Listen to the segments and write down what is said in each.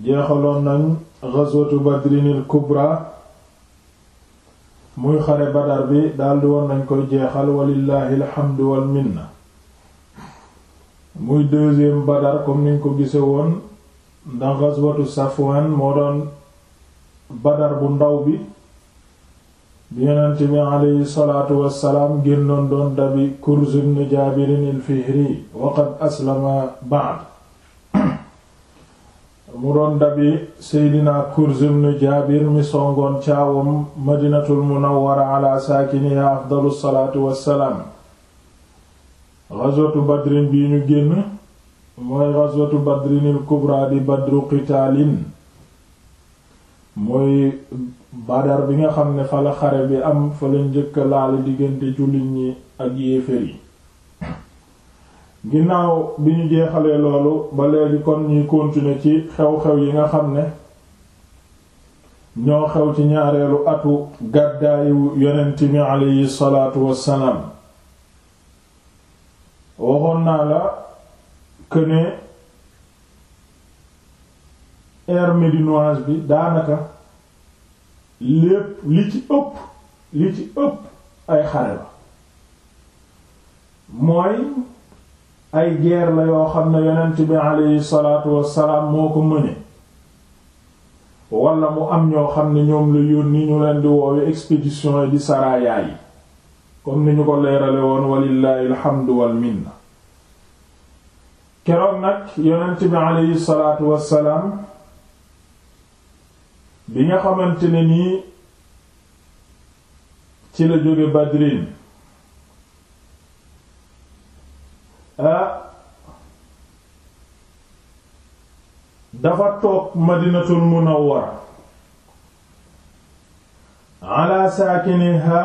jeexaloon nañ ghazwatu badrinil kubra muy xare badar bi daldi woon nañ koy jeexal walillahi alhamdu wal minna muy deuxième badar comme niñ ko gise woon ndax ghazwatu safwan moo doon badar bu ndaw bi bi yonent bi aleyhi salaatu wassalaam génnoon doon dabi kurz ibn jaabirin fihri wa aslama ba'd mu doon dabi seydina Kurz ibn Jaabir mi songoon caawam madinatul munawwara ala saakiniha afdalu salaatu wassalaam ghazwatu badrin bii ñu génn mooy ghazwatu badrinil kubra di badru qitaalin mooy badar bi nga xam ne fa la xare bi am fa la njëkk laal diggante jullit ñi ak yéeféer yi ginnaaw bi ñu jeexalee loolu ba léegi kon ñuy continuer ci xew-xew yi nga xam ne ñoo xew ci ñaareelu atu gàddaayu yonent mi aleyhi salaatu wassalaam waxoon naa la këne ère médinoise bi daanaka lépp li ci ëpp li ci ëpp ay xare la mooy ay guerre la yoo xam ne yonent bi aleyhi salaatu wassalaam moo ko mëne wala mu am ñoo xam ne ñoom la yónni ñu leen di woowe expédition yi di saraya yi comme ni ñu ko leerale woon walillahi alhamdu wal minna keroog nag yonent bi aleyhi wassalaam bi nga xamante ne nii ci la jóge Badrin dafa toog madinatul munawwara ala saakiniha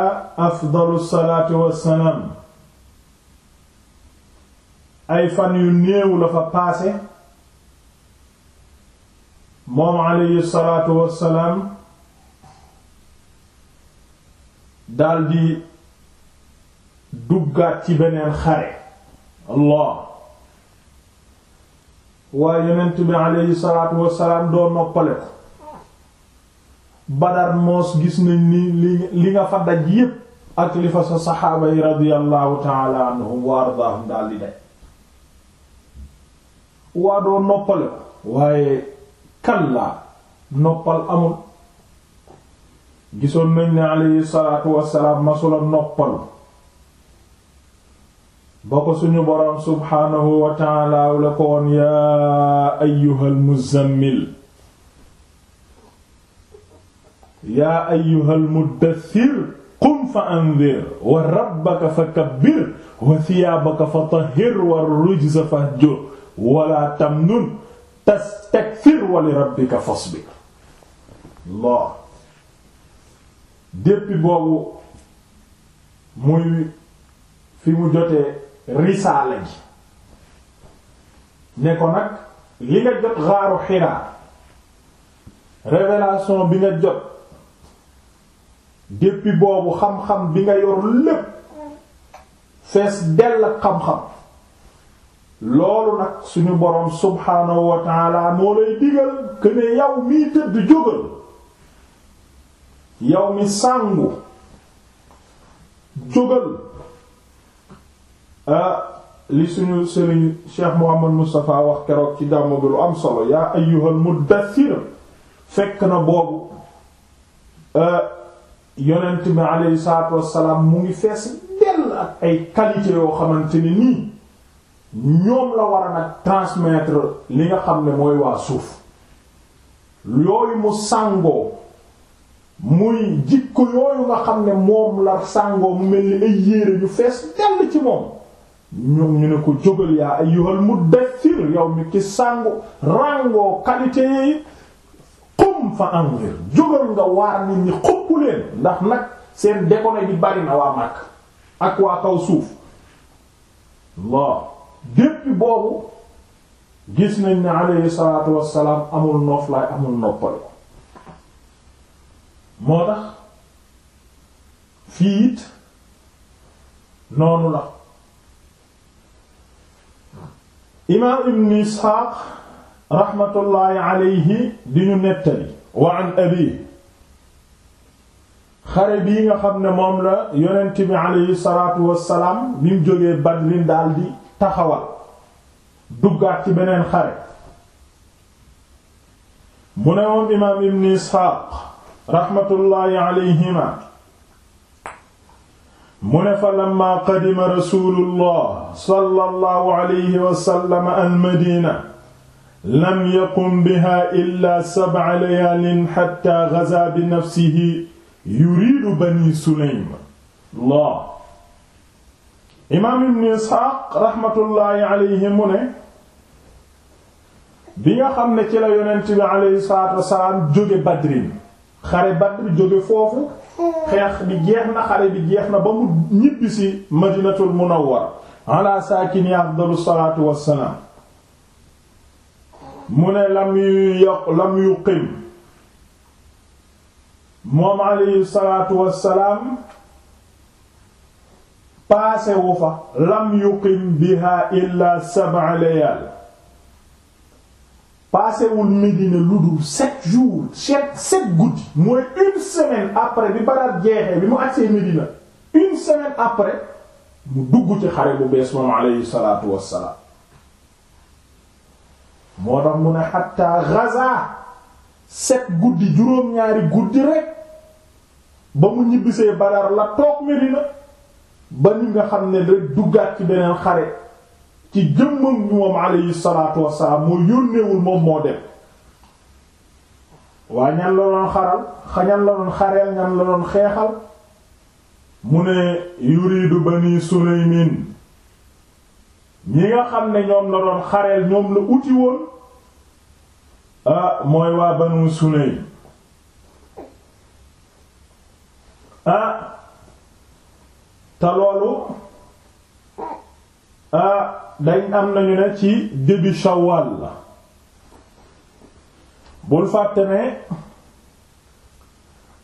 afdalu salaatu wassalaam ay fan yu néew la fa paase moom alayhi salaatu wassalaam daldi duggaat ci beneen xare waaye yonent bi aleyhi salaatu wassalaam doo noppale ko Badar moos gis nañ ni li li nga fa daj yépp ak li fa sa saxaaba yi radiyallahu taala anhum wa ardaahum daal di daj waa doo noppale ko waaye kallaa noppal amul gisoon nañ ne aleyhi salaatu wassalaam masula noppalu ba ko suñu boroom subhaanahu wa taala la ko woon yaa ayyuhal muzammil yaa ayyuhal muddaththir qum fa anzir wa rabbaka fa kabbir wa thiyaabaka fa tahhir wa rujza fahjur wa laa tamnun tastakthir wa li rabbika fasbir Allah depuis boobu muy fi mu jotee risaala ji ne ko nag li nga jot xaaru Hira révélation bi nga jot depuis boobu xam-xam bi nga yor lépp fees dell ak xam-xam loolu nag suñu boroom subhaanahu wa moo lay digal que ne yow miy jógal yow mi sàngu jógal Ah, li suñu sëriñ Cheikh Mouhamad Moustapha wax keroog ci gàmmu bi lu am solo yaa ayyuhal muddaththir fekk na boobu ah, yonent bi aleyhi salaatu wassalaam mu ngi fees dell ak ay qualité yoo xamante ni nii ñoom la war a nag li nga xam ne mooy waa suuf yooyu mu sàngoo muy jikko yooyu nga xam ne moom la sàngoo mu mel ni ay yére yu fees dell ci moom ñoom ñu ne ko jógal yaa ayyuhal muddaththir yow mi ki sàngu ràngoo qualité yi qum fa anzir jógal nga waar nit ñi xuppu leen ndax nag seen déconné bi bari na waa màkk ak waa kaw suuf waaw depuis boobu gis nañ ne alayhi salaatu wassalaam amul noof laay amul noppal moo tax fii it noonu la imaam ibn isxaaq raxmatullaahi alayhi di ñu nettali wa an abi xare bii nga xam ne moom la yonent bi alayhi salaatu wassalaam bi mu jógee Badrin daldi taxawal duggaat ci beneen xare mu ne moom imaam ibn isxaaq raxmatullaahi alayhima mu ne fa lamma qadima rasulullah sallallahu alayhi wa sallam almadina lam yaqum biha illa sab'a layaalin hatta ghaza bi nafsihi yuridu bani sulaym Allah imaam ibn isxaaq raxmatullaahi alayhi mu ne bi nga xam ne ci la yonent bi alayhi salaatu wasalaam jóge badrin xare badr jóge foofu xeex bi jeex na xare bi jeex na ba mu ñibbi si madinatul munawwar ala saakini afdalu salaatu wassalaam mu ne lam yu yoq lam yu qim moom alayhi salaatu wassalaam paase wu fa lam yuqim biha illa sab'a layaal paasewul Médina lu dul sept jours sept sept guddi mooy une semaine après bi Badar jeexee li mu agsee Médina une semaine après mu dugg ci xare bu bees moom alayhi salaatu wassalaam moo tax mu ne xatta Gaza sept guddi juróom-ñaari guddi rek ba mu ñibbisee Badar la toog Médina ba ñu nga xam ne da duggaat ci beneen xare ci jëmmam ñoom alayhi salaatu wassalaam moo yónneewul moom moo dem waa ñan la doon xaral ñan la doon xeexal mu ne yuridu bani sulaymin ñi nga xam ne ñoom la doon xareel ñoom la uti woon mooy waa banu sulaym ah te loolu Ah, dañ am nañu ne ci début shawwal la bul fàtte ne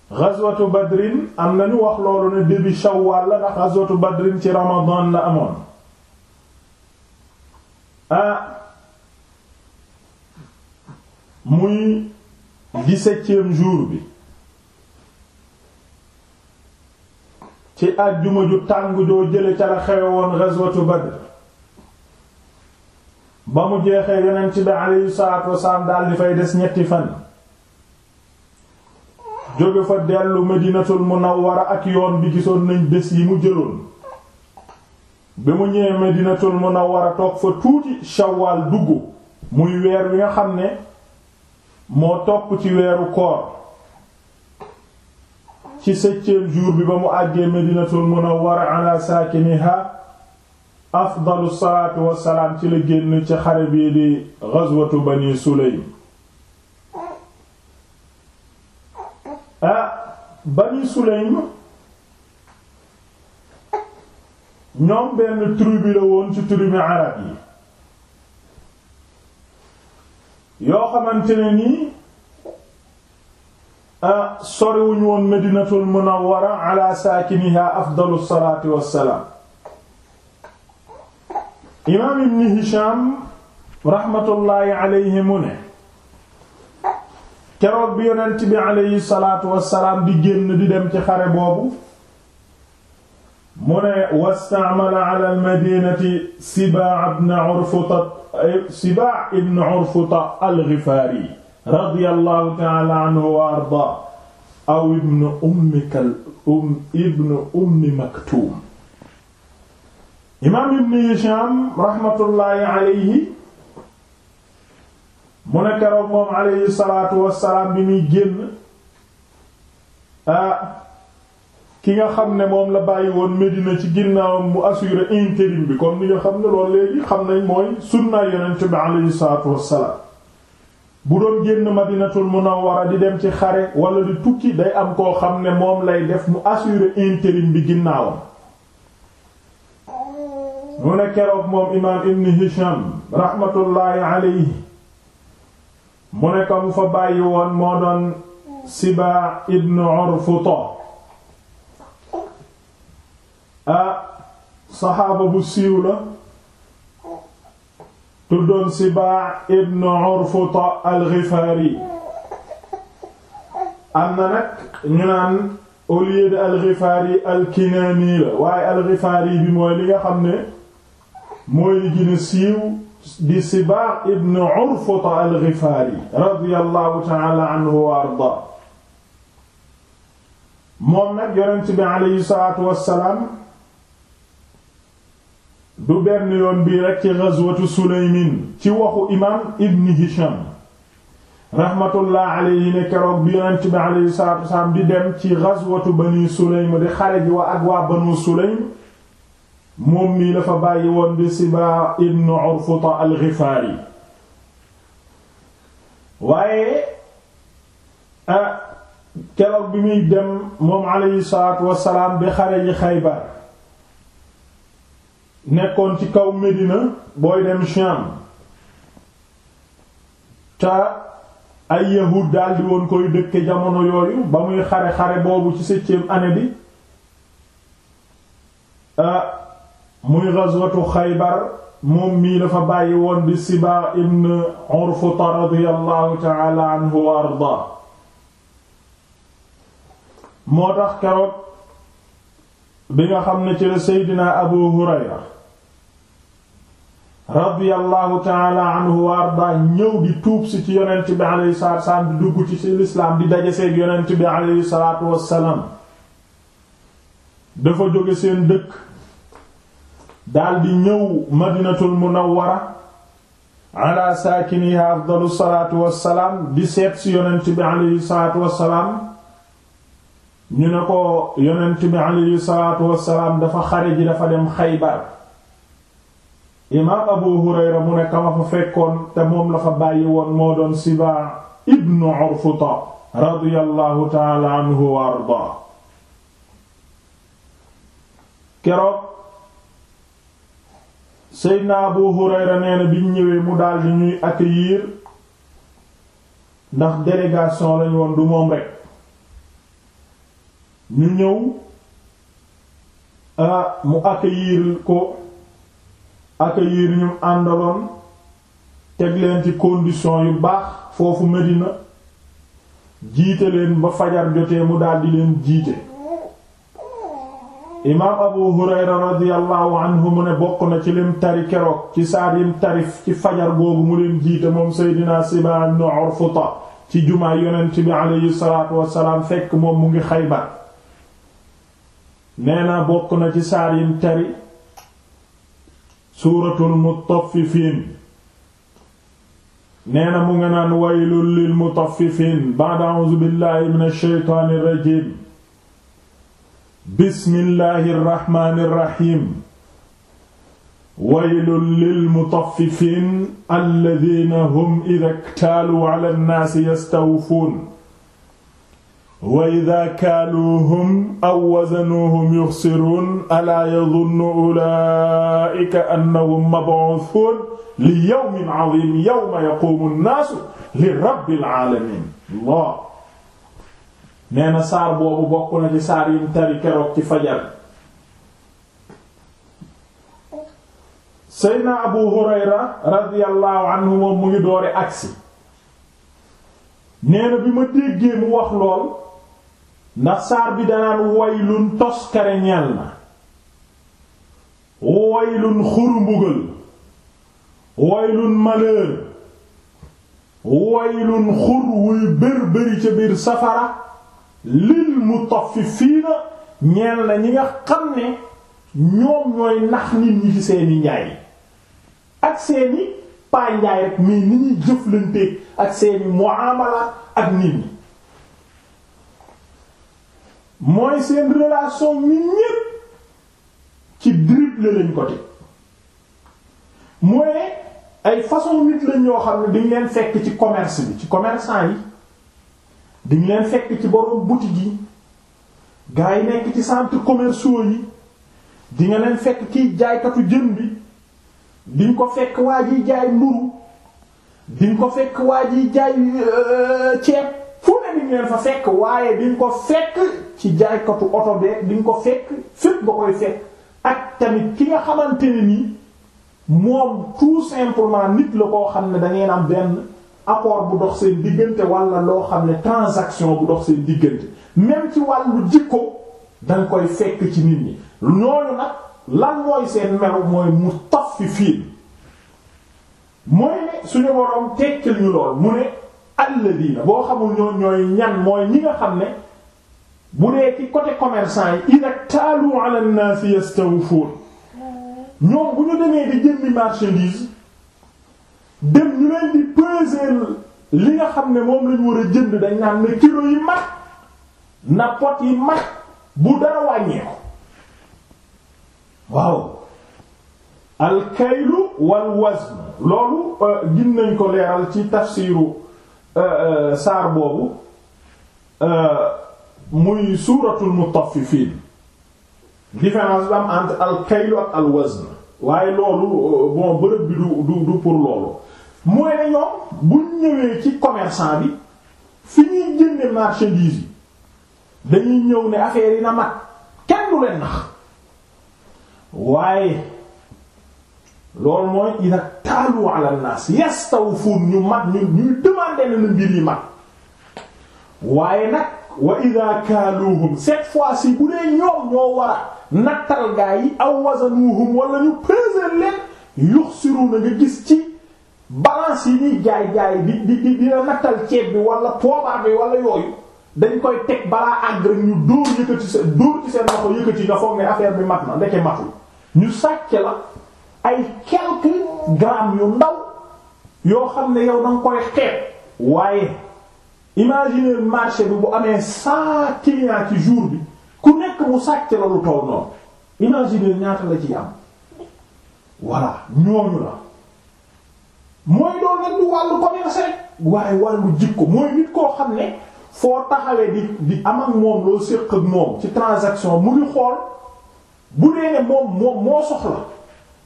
ghazwatu badrin am nañu wax loolu ne début shawwal la ndax ghazwatu badrin ci ramadan la amoon ah muy dix-septième jour bi ci àjjuma ju tàng joo jële ca la xewe woon ghazwatu badr ba mu jeexee yonent bi alayhi saako wasalaam daal di fay des ñetti fan jóge fa dellu Madinatul Munawwara ak yoon bi gisoon nañ bés yi mu jëloon bi mu ñëwee Madinatul Munawwara toog fa tuuti Shawwal dugg muy weer wi nga xam ne moo topp ci weeru koor ci septième jour bi ba mu àggee Madinatul Munawwara ala saakiniha afdalu salaatu wassalaam ci la génn ci xare bii di gazwatu bani sulaym ah bani sulaym ñoom benn tribu la woon ci tribu arab yi yoo xamante ah, woon madinatul munawwara ala saakiniha afdalu salaatu wassalaam imaam ibn Hisham raxmatullaahi alayhi mu ne keroog bi yonent bi alayhi salaatu wassalaam di génn di dem ci xare boobu mu ne wastaamala ala almadinati Sibaa ibn Urfuta Sibaa ibn Urfuta al-Ghifaari radiyallaahu ta'aala anhu wa ardaa aw ibn Ummi Kalb um, ibn Ummi Maktuum imaam ibn Hisham rahmatullahi alayhi mu ne keroog moom alayhi salaatu wassalaam bi muy génn ah, ki nga xam ne moom la bàyyi woon Medina ci ginnaawam mu assuré intérim bi comme ni nga xam ne loolu léegi xam nañ mooy sunna yonent bi alayhi salaatu wassalaam bu doon génn Madinatul Munawwara di dem ci xare wala di tukki day am koo xam ne moom lay def mu assuré intérim bi ginnaawam mu ne keroog moom imaam ibn Hisham raxmatullaahi alayhi mu ne mu fa bàyyi woon moo doon Sibaa ibn Urfuta a saxaaba bu siiw la tuddoon Sibaa ibn Urfuta al-Ghifari am na nag ñu naan au al-Ghifari al-Kinani la al-Ghifari bi mooy li nga xam ni mooy li gën a siiw di Sibaa ibn Urfuta al-Ghifaari radiyallahu ta'ala anhu wa ardaa moom nag yonent bi alayhi salaatu wassalaam du benn yoon bii rek ci ghazwatu Sulaymin ci waxu imaam Ibn Hisham rahmatullah alayhi ne keroog bi yonent bi alayhi salaatu wassalaam di dem ci ghazwatu Bani Sulaym di xare ji waa ak waa Banu Sulaym moom mii dafa bàyyi woon bi Sibaa ibn Urfuta al-Ghifaari waaye ah keroog bi muy dem moom alayhi salaatu wassalaam bi xare yi Xaybar nekkoon ci kaw Medina booy dem Sham ta ay yahuud daldi woon koy dëkke jamono yooyu ba muy xare xare boobu ci septième année bi ah muy ghazwatu Xaybar moom mii dafa bàyyi woon di Sibaa ibn Urfuta radiyallahu ta'ala ardaa moo tax keroog bi nga xam ne ci la Seydina Abu Hurayra radiyallahu ta'ala anhu ardaa ñëw di tuub si ci yonent bi alayhi salaatu wassalaam di dugg ci ci lislaam di daje seeg yonent bi alayhi salaatu wassalaam dafa jóge seen dëkk daldi ñëw madinatul munawwara ala saakiniha afdalu salaatu wassalaam di seet si yonent bi alayhi salaatu wassalaam ñu ne ko yonent bi alayhi salaatu salaam dafa xare ji dafa dem xaybar imaam abu hurayra mu ne kama fekkoon te moom la fa bàyyi woon moo doon sibaa ibnu urfuta radiyallahu taala anhu wa seydna abu hurayra nee na biñ ñëwee mu daldi ñuy accueillir ndax délégation lañ woon du moom rek ñu ñëw a ah, mu accueillir ko accueillir ñu àndaloon teg leen ci condition yu baax foofu Medina jiite leen ba fajar jotee mu daldi leen jiite imaam abu hurayra radiyallahu mu ne bokk na ci lim tari keroog ci saar yim tarif ci fajar googu mu leen jiite moom seydinaa sibaa ibn urfuta ci jumaa yonent bi aleyhi moom mu ngi xaybar nee na bokk na ci saar yim tari suuratul mutaffifiin nee na mu ngi naan waylul lil mutaffifiin ba'da a'uuzu billaahi minash shaytaanir rajiim bismillahi irrahmaani irrahim waylun lilmutaffifiin alladina hum ida ktaaluu ala nnaasi yastawfuun wa ida kaaluuhum aw wazanuuhum yuxsiruun alaa yadunnu ulaa'ika annahum mab'uusuun li yawmin 'aziim yawma yaquumu nnaasu li rabbil 'aalamiin Allah nee na saar boobu bokk na ci saar yim tari keroog ci fajar seydna abu hurayra radiyallahu anhu mu ngi doore agsi nee bi ma déggee mu wax lool ndax saar bi danaan waylun toskare ñeel na waylun xurumbugal waylun malheur waylun xur wuy bér-béri ca biir safara lil mutaffifiina ñeel na ñi nga xam ne ñoom ñooy nax nit ñi ci seeni njaay ak seeni paa njaay ak mais ni ñuy jëflante ak seeni muamala ak nit ñi mooy seen relation nit ñépp ci dribble lañ ko teg mooy ay façon nit lañ ñoo xam ne dañ leen fekk ci commerce bi ci commerçant yi diñ leen fekk ci borom boutique yi gaa yi nekk ci centres commerciaux yi dinga leen fekk kiy jaaykatu jën bi diñ ko fekk waa ji jaay mburu diñ ko fekk waa jiy jaay euh, ceeb fu ne diñ leen fa fekk waaye diñ ko fekk ci jaaykatu oto beeg diñ ko fekk fépp ba koy fekk ak tamit ki nga xamante nii ni moom tout simplement nit la koo xam ne da ngeen am benn accord bu dox seen diggante walla loo xam ne transaction bu dox seen diggante même ci wàllu jikko danga koy fekk ci nit ñi ñooñu nag lan mooy seen melu mooy mu taf fi fiin mooy ne suñu boroom tekkil ñu lool mu ne alladina boo xamul ñoo ñooy ñan mooy ñi nga xam ne bu dee ci côté commerçant yi ida taalu ala an-nas yastawfun ñoom bu ñu demee di jëndi marchandise dem ni leen di peser li nga xam ne moom lañu war a jënd dañ naan ne kilo yi mat na pot yi mat bu dara wàññeeku waaw alkaylu wal wazn loolu euh, gin nañ ko leeral ci tafsiru euh, euh, saar boobu muy suuratul mutaffifiin différence bi am alkaylu ak al waaye loolu bon bërëb bi du du du loolu mooy ne ñoom buñ ñëwee ci commercant bi fi ñuy jënde marchandise yi dañuy ñëw ne affaire yi na mat kenn du leen nax waaye loolu mooy ida taalu ala nas yastawfun ñu mat ñu ñuy demander na mbir yi mat waaye nag wa ida kaaluhum cette fois ci bu dee ñoom ñoo war a nattal gaa yi aw wazanuhum wala ñu peser leen yuxsiru na nga gis ci balance yi di jaay jaay di di di di la nattal ceeb bi wala poobar bi wala yooyu dañ koy teg balaa àgg ñu dóor yëkkati sa dóor ci seen loxo yëkkati nga foog ne affaire bi mat na ndeke matul ñu sàcc la ay quelques grammes yu ndaw yoo xam ne yow danga koy xeeb waaye imaginer marché bi bu amee cent clients ci jour bi ku nekk mu sàcc la lu toll noonu imaginer ñaata la ci am voilà ñooñu la. mooy loolu nag du wàllu commerce rek waaye wàllu jikko mooy nit koo xam ne foo taxawee di di am ak moom loo séq ak moom ci transaction mu ngi xool bu dee ne moom moom moo soxla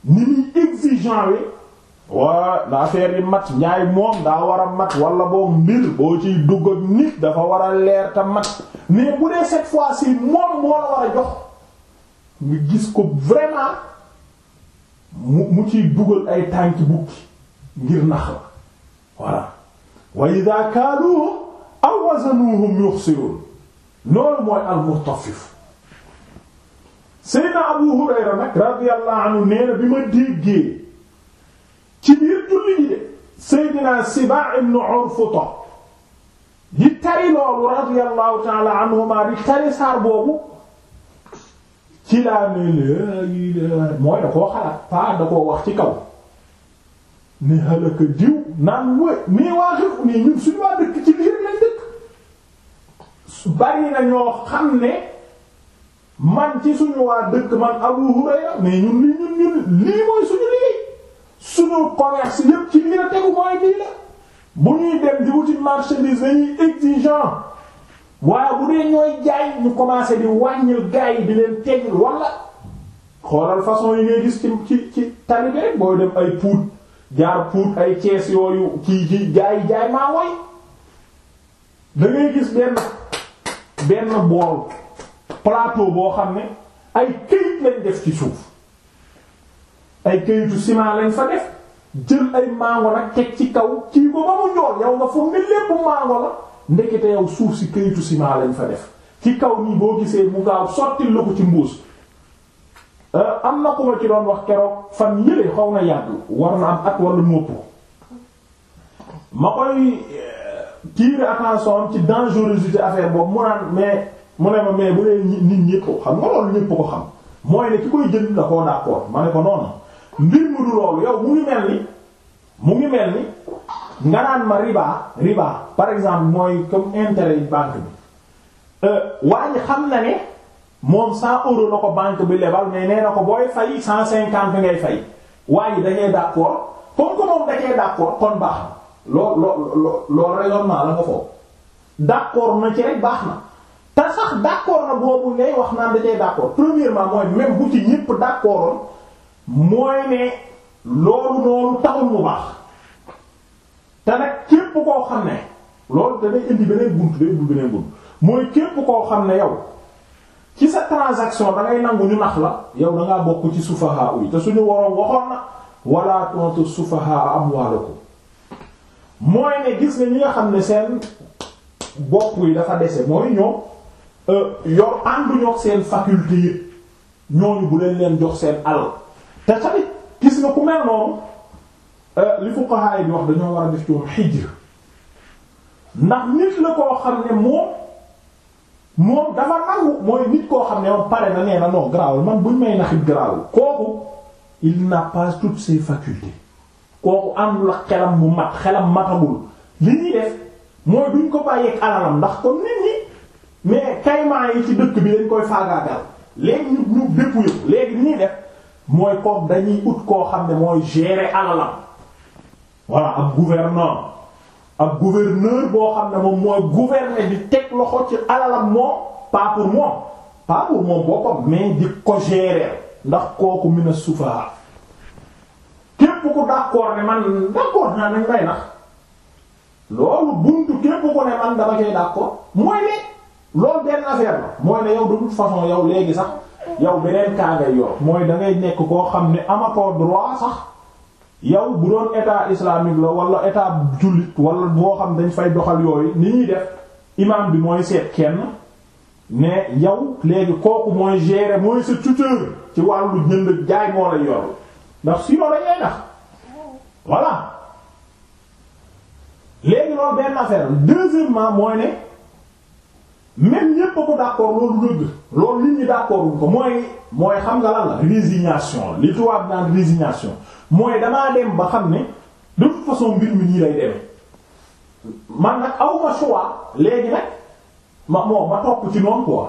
ni muy exigeant wi waa na affaire yi mat njaay moom daa war a mat wala boo mbir boo ciy dugg nit dafa war a leer te mat mais bu dee cette fois si moom moo la war a jox nga gis ko vraiment mu mu ciy dugal ay tànki bukki ngir nax la voilà wa idha kaaluhum aw wazanuhum yuxsirun loolu mooy al-mutaffif Seydina Abu Hurayra nag radiyallahu anhu nee na bi ma déggee ci biir julli ji de Seydina Sibaa ibn Urfuta di tari loolu radiyallahu ta'ala anhuma di tari saar boobu ci laa ne la mooy da koo xalaat pas da koo wax ci kaw ni halaka diw naan wé nii waa xew nii ñun suñu waa dëkk ci biir lañ dëkk bari na ñoo xam ne man ci suñu waa dëkk man Abu Hurayra mais ñun lii ñun ñun lii mooy suñu liggéey suñu commerce yépp ci lii la tegu mooy lii la bu ñuy dem di wuti marchandise dañuy exigeant waaye bu dee ñooy jaay ñu commencé di wàññil gaa yi leen teggil wala xoolal façon yi ngay gis ci ci ci talibe dem ay puut jaar pour ay Cees yooyu ci ji jaay jaay maa woy da gis benn benn bool plateau boo xam ne ay këyit lañ def ci suuf ay këyitu ciment lañ fa def jël ay mango nag teg ci kaw kii ko ba mu njool yow nga foog ne lépp mango la ndekete yow suuf si këyitu ciment lañ fa def ci kaw nii boo gisee mu gaaw sotti la ci mbuus Euh, am na ku ma ci doon wax keroog fan yële xaw na yàgg war na am at wala mopp ma koy euh, tirer attention ci dangerosité affaire boobu mu naan mais mu ne ma mais bu dee nit ñépp xam nga loolu ñépp ko xam mooy ne ki koy jënd la koo d'accord ma ne ko noonu mbir mu du loolu yow mu ngi mel ni mu ngi mel ni nga naan ma riba riba par exemple mooy comme intérêt yi banque bi euh, waa xam na ne. moom 100 euros na ko banque bi lebal mais nee na ko booy fay 150 ngay fay waaye da ngay d'accord comme que moom da cee kon baax na lool loo loolu raisonnement la nga foofu d'accord na ci rek baax na te sax d'accord na boobu wax naan da cee d'accord premièrement mooy ñëpp d'accordoon mooy ne loolu noonu taxul mu te nag képp koo xam ne loolu da indi beneen bunt day indi beneen bunt mooy képp koo xam ne yow. ci sa transaction da ngay nangu ñu nax la yow da ngaa ci sufaa uy te suñu waroon waxoon na wala tontu sufaha amwaalakum mooy ne gis nga ñi nga xam ne seen bopp yi dafa dese mooy ñoom euh, yor ànduñoo seen faculté yi ñooñu bu leen leen jox seen alal te tamit gis nga ku mel noonu euh, li fuqaha yi wax dañoo war a def ci ndax nit la koo xam ne moom. moom dafa nangu mooy nit koo xam ne moom pare na nee na non garaawul man buñ may naxit garaawul kooku il n'a pas toutes ses facultés kooku àndul ak xelam mu mat xelam matagul li ñuy def mooy duñ ko bàyyeeg alalam ndax comme nit ñi mais kaymaa yi ci dëkk bi dañ koy faagaagal léegi ñu ñu dépouiller léegi li ñuy def mooy kooku dañuy ut koo xam ne mooy gérer alalam voilà ab gouverneur ak gouverneur boo xam ne moom mooy gouverner di teg loxo ci alalam moom pas pour moom pas pour moom boppam mais di ko gérer ndax kooku mina sufaha képp ku d'accord ne man d'accord naa nañ lay nax loolu buntu képp ku ne man dama koy d'accord mooy ne loolu benn affaire la mooy ne yow de façon yow léegi sax yow beneen kaa ngay yor mooy da ngay nekk koo xam ne amatoo droit sax. yow bu doon état islamique la wala état jullit wala boo xam dañ fay doxal yooyu ni ñuy def imam bi mooy seet kenn mais yow léegi kooku mooy gérer mooy sa tuteur ci wàllu jënd jaay moo lay yor ndax sinon dañ affaire deuxièmement mooy ne même ko d'accord loolu dëgg loolu nit ñi d'accord ko mooy mooy xam nga lan la résignation li tubaab naan résignation mooy damaa dem ba xam ne de toute façon mbir mi nii lay demee man nag aw ma choix léegi nag ma moo ma topp ci noonu quoi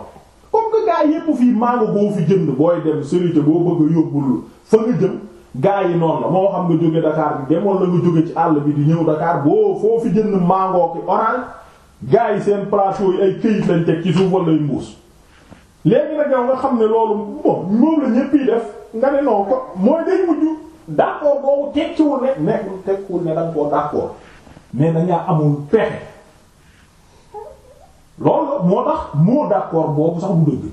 comme que gaa yépp fii mango boo fi jënd booy dem serité boo bëgg a yóbbul fa nga jëm gaa yi noon la moo xam nga jóge Dakar bi dem la nga jóge ci àll bi di ñëw Dakar boo foo fi jënd mango ki orange gaa yi seen plateau yi ay këyit lañ teg ci suuf wala ay mbuus. léegi nag yow nga xam ne loolu bon moom la ñépp def nga ne non d'accord boobu tekkiwul ne nekkul tekkiwul ne da koo d'accord mais dañaa amul pexe loolu moo tax moo d'accord boobu sax bu dëgg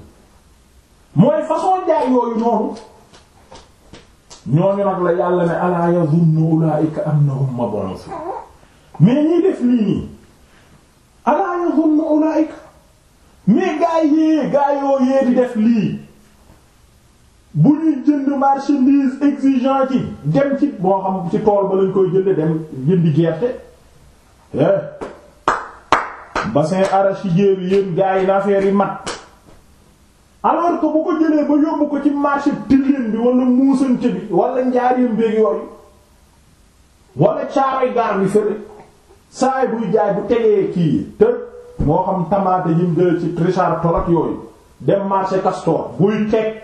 mooy façon jaay yooyu noonu ñooñu nag la yàlla ne ala yazunnu ulaa'ika annahum mab'uthun mais ñiy def lii nii ala yazunnu ulaa'ika mais gaa yee gaa yee di def lii. bu ñuy jënd marchandise exigeant ci dem ci boo xam ci tool ba lañ koy jënd dem jëndi gerte eh bassin arachidier bi yéen gars yi affaire yi mat alors ko bu ko jëlee ba yóbbu ko ci marché tilleen bi wala muusante bi wala njaareem beeg yooyu wala caaray gaar bi fële saay buy jaay bu tegee kii te moo xam tamaate yi mu ci Richard Toll yooyu dem marché Castor buy teg.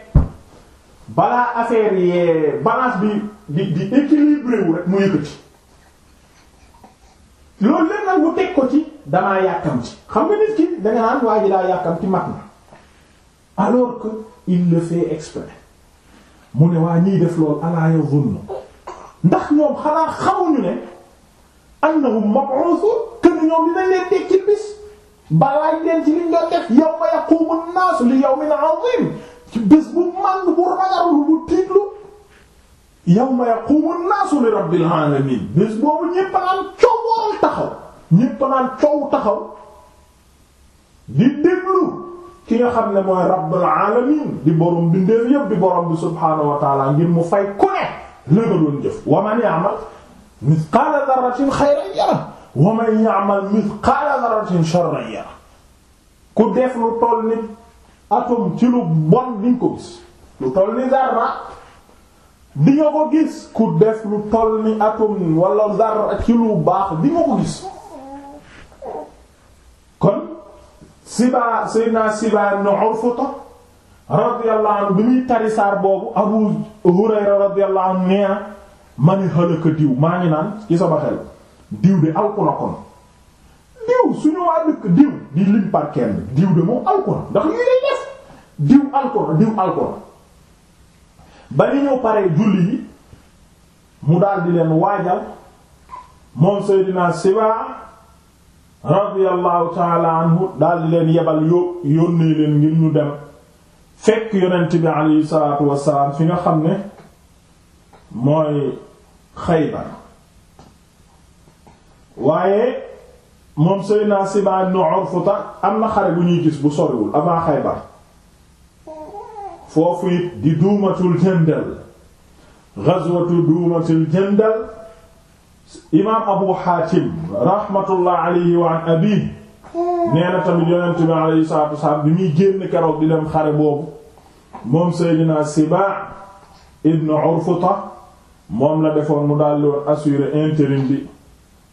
balaa affaire yee balance bi di di équilibré rek mu yëkkati loolu lépp nag mu teg ko ci damaa yàkkamti xam nga nit ki danga naan waa ji daa yàkkamti mat na alors que il le fait exprès mu ne waa ñiy def loolu ala yazunnu ndax ñoom xanaa xamuñu ne annahum mab'uthun kenn ñoom dinañ leen teg ci bis balaa ñu leen ci liñ doon def yawma yaqumu an-nas li yawmin 'azim ci bés bu mànd bu ragarlu bu tiitlu yawma yaqumu naasu li rabbil alamin bés boobu ñépp naan coow taxaw ñépp naan coow taxaw di déglu ki nga xam ne mooy rabbil alamin di borom bindéef yépp di borom bi subhaanahu wa taala ngir mu fay ku ne la nga doon jëf wa man ya'mal mithqaala dharratin khayran yarah wa man ya'mal mithqaala dharratin sharran yarah ku def lu toll nit atome ci lu bon di nga ko gis lu toll ni zarra di nga ko gis ku def lu toll ni atome wala zarra ci lu baax di nga ko gis kon Siba Seydina Siba ibn Urfuta radiyallahu anhu bi muy tarisaar boobu Abu Hurayra radiyallahu anhu nee na ma ni xalaka diw maa ngi naan ci sama xel diw de alku kon diw suñu waa dëkk diw di lim kenn diw de moom alku na ndax lii diw alcool diw ba ni ñëw paree julli yi mu daal di leen waajal moom Seydina Siba radiyallahu taala anhu daal di leen yebal yó yónnee leen ngir ñu dem fekk yonent bi alayhi salaatu wassalaam fi nga xam ne mooy Xaybar waaye moom Seydina Siba ibn Urfuta am na xare bu ñuy gis bu soriwul avant Xaybar foofu it di duumatul jëndal ghazwatu duumatul jëndal imaam abu hatim rahmatullah alayhi wa an abi nee na tamit yonent bi alayhi salaatu wasalaam bi muy génn keroog di dem xare boobu moom seydina sibaa ibn urfuta moom la defoon mu daldi woon assurer intérim bi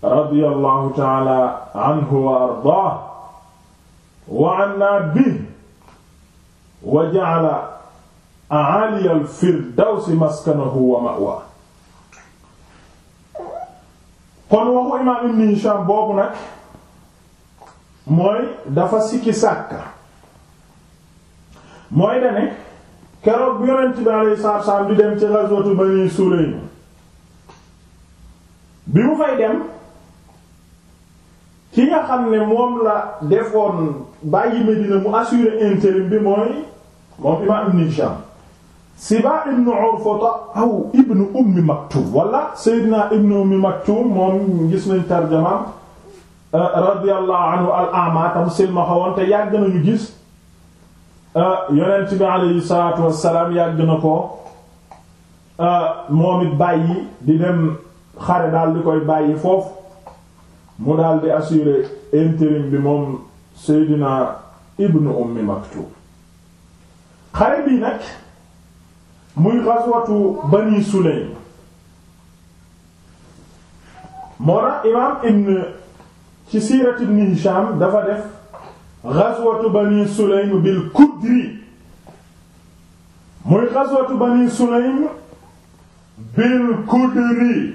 radiyallahu taala anhu wa ardaah wa anna bi wa ja'ala aliyal firdawsi maskanahu wa ma'wa kon waxu imaam ibn Hisham boobu nag mooy dafa sikki sàkka mooy dane keroog bi yonent dem ci ghazwatu Bani Sulaym bi mu fay dem ki nga xam ne moom la defoon bàyyi Medina mu assurer intérim bi mooy moom imaam ibn Hisham Sibaa ibnu Urfuta aw ibnu Ummi Maktum wala Seydina ibnu Ummi Maktum moom gis nañ tarjamaam euh, radiyallahu anhu al-a'maa tam silma xawoon te yàgg nañu gis euh, yonent bi alayhi salaatu wassalaam yàgg na ko euh, moom it bàyyi di dem xare daal di koy bàyyi foofu mu daal di assurer intérim bi moom Seydina ibnu Ummi Maktum xare bi nag muy ghazwatu bani Sulaym moo tax imaam ibn ci siirat ibn Hisham dafa def ghazwatu bani Sulaym bil kudri muy ghazwatu bani Sulaym bil kudri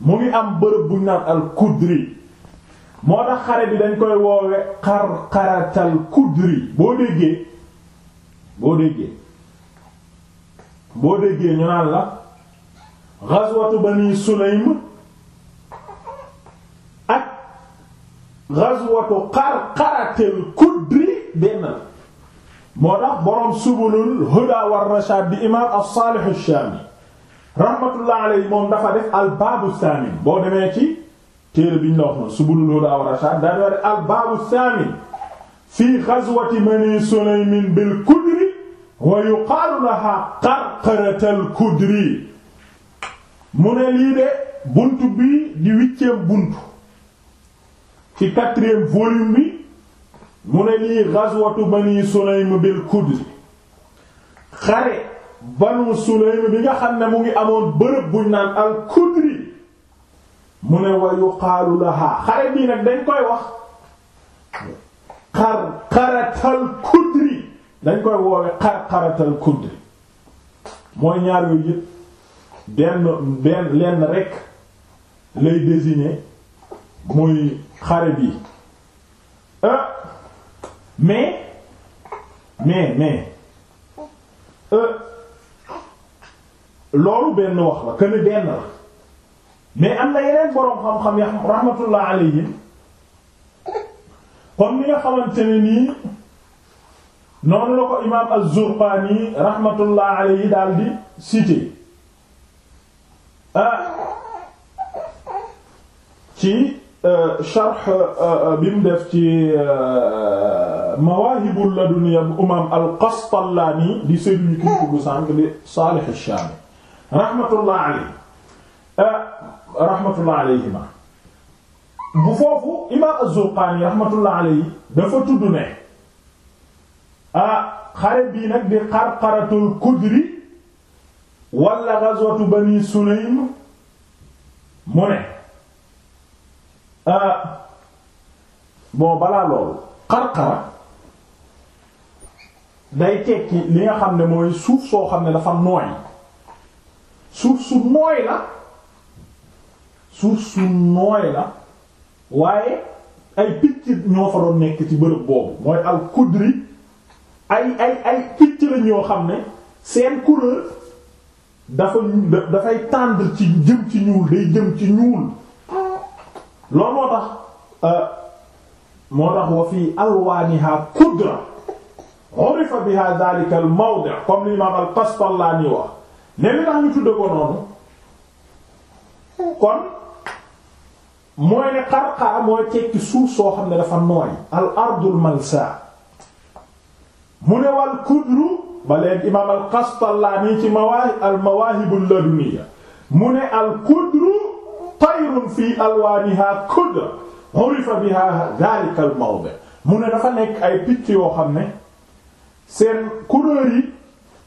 mu ngi am bërëb bu ñu naan al kudri moo tax xare bi dañ koy woowe xar xaratal kudri boo déggee boo déggee boo déggee ñu naan la ghazwatu bani sulaym ak ghazwatu qarqaratil kudri benn la moo tax boroom subulul huda war rashad bi imam as-salih ash-shami rahmatullah alayhi moom dafa def al baabu saamin boo demee ci téere bi ñu la wax noonu subulul huda war rashad daa def al baabu saamin fi ghazwati bani sulaym bil kudri wa yuqaalu laha qarqaratal mu ne lii de bunt bi di huitième bunt ci quatrième volume bi mu ne lii ghazwatu bani sulaym bil kudri xare banu sulaym bi nga xam ne mu ngi amoon bërëb buñ naan al mu ne wa yuqaalu xare bii nag dañ koy wax qarqaratal kudri dañ koy woowe xar-xaratal kudri mooy ñaar yooyu yëpp benn benn lenn rekk lay désigner muy xare bi euh, mais mais mais euh, loolu benn wax la que ne benn la mais am na yeneen boroom xam-xam ya rahmatullah alayhim comme ni nga xamante ne nii noonu la ko imaam az-Zurqaani rahmatullah alayhi daal di cité ah ci euh, sharh euh, euh, bi mu def ci Mawaahibul Ladunniya bu imaam al-Qastallaani di sëriñu kii bu sànq di Saalih ash-Shaami rahmatullah alayhi ah, rahmatullah alayhima bu foofu imaam az-Zurqaani rahmatullah alayhi dafa tudd ne. ah xare bii nag di xarxaratul kudri wala ghazwatu bani sulaym mu ne ah bon balaa loolu xarxara day tekki li nga xam ne mooy suuf soo xam ne dafa nooy suuf su nooy la suuf su nooy la waaye ay picc ñoo fa doon nekk ci bërëb boobu mooy al kudri ay ay ay picc lañ yoo xam ne seen couleur dafa dafay tànd ci jëm ci ñuul day jëm ci ñuul loolu moo tax euh, moo tax wa fi alwaaniha qudra urifa biha dhalika wax ne li ko noonu kon mooy ne xar-xara mooy tekki suuf soo xam ne dafa nooy al ardul malsa mu ne wal kudru ba léegi imaam al Qastallaani ci mawaahib al mawaahibul laduniya mu ne al kudru tayrun fi alwaaniha kudra urifa biha zaalika al mawdi mu ne dafa nekk ay picc yoo xam ne seen couleur yi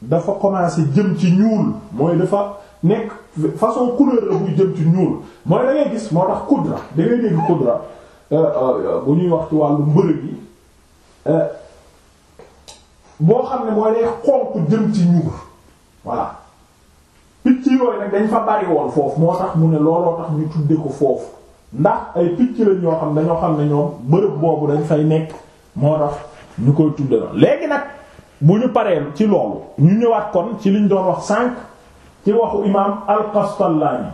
dafa commencé jëm ci ñuul mooy dafa nekk façon couleur la buy jëm ci ñuul mooy da ngay gis moo tax kudra da ngay dégg kudra euh, euh, bu ñuy wax ci wàllu mbërëg yi euh, boo xam ne mooy day xonq jëm ci ñuur voilà picc yooyu nag dañ fa bari foofu moo tax mu ne looloo tax ñu tudde ko foofu ndax ay picc lañ ñoo xam dañoo xam ne ñoom bërëb boobu dañ fay nekk moo tax ñu koy tudde noonu léegi nag bu ñu paree ci loolu ñu ñëwaat kon ci liñ doon wax sànq ci waxu imaam al-Qastallaani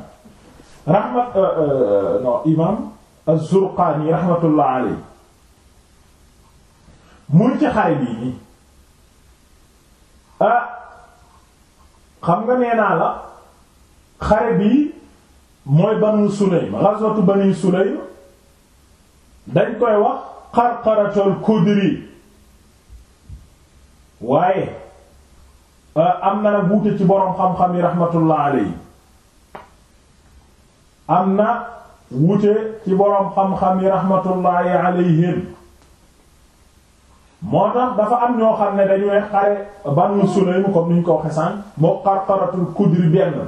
rahmat euh, euh, non imaam az-Zurqaani rahmatullah alayhi muy ci xaay bii ah xam nga nee naa la xare bii mooy banu Sulaym ghazwatu banu Sulaym dañ koy wax Qarqaratul Kudri waaye ah, am na nag wuute ci boroom xam-xam yi rahmatullah alayhi am na wuute ci boroom xam-xam yi rahmatullahi alayhim moo tax dafa am ñoo xam ne dañuy xare Banu Sulaym comme ni ñu ko waxee sànq moo Qarqaratul Kudri benn la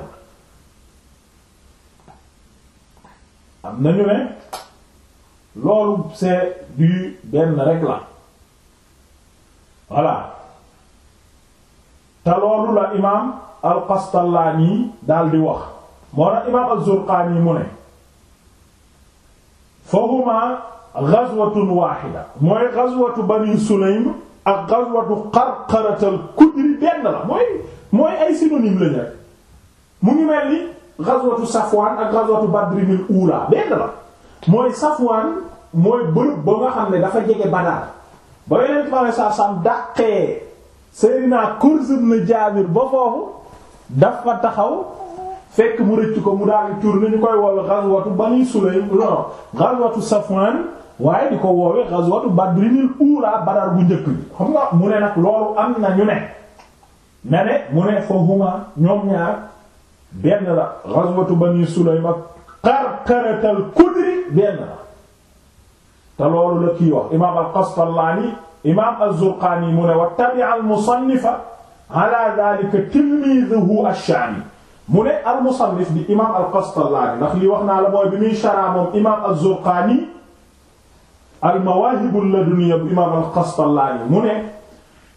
am nañu ne loolu c'est du benn rek la voilà te loolu imaam al-Qastallaani daal di wax moo tax imaam az-Zurqaani mu ne fahuma ghazwatun wahida mooy ghazwatu bani sulaym ak ghazwatu qarqaratal kudri benn la mooy mooy ay synonyme lañu rek mu ngi mel ni ghazwatu safwaan ak ghazwatu badrinil ula benn la mooy safwaan mooy bërëb ba nga xam ne dafa jege Badar ba yeneen ma ne saa sam dàqee Seydina Kurz ibn Jaabir ba foofu dafa taxaw fekk mu rëcc ko mu daal di tourner ñu koy wol ghazwatu bani sulaym non ghazwatu safwaan waaye di ko woowee ghazwatu badrinil ula badar bu njëkk bi xam nga mu ne nag loolu am na ñu ne ne ne mu ne fa huma ñoom ñaar benn la ghazwatu bani sulaym ak qarqaratal kudri benn la te loolu la kii wax imaam al-Qastallaani imaam az-Zurqaani mu ne wa tabi'a al-musannifa ala dhalika tilmiizuhu ash-Shaami mu ne al-musannif bi imaam al-Qastallaani ndax li wax naa la mooy bi muy sharaa moom imaam az-Zurqaani al mawaahibu ladunniya bu imaam al Qastallaani mu ne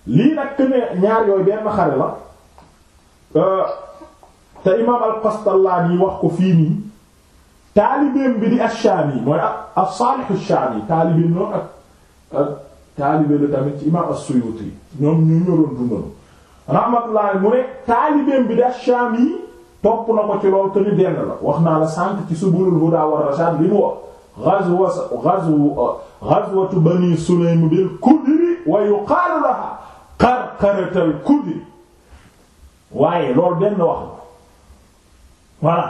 lii nag ne ñaar yooyu benn xare la euh, te imaam al Qastallaani wax ko fii nii taalibeem bi di ash-Shaami mooy as-Saalih ash-Shaami taalibeem noonu ak taalibe la tamit ci imaam as-Suyuuti ñoom ñu ñoroon dundal rahmatullahi mu ne taalibeem bi di ash-Shaami topp na ko ci loolu te ni denn la wax naa la sànq ci Subulul Hudaa war Rashaad li mu wax. ghazwa ghazwa ghazwatu bani sulaym bil kudri wa yuqaalu laha qarqaratul kudri waaye loolu benn wax voilà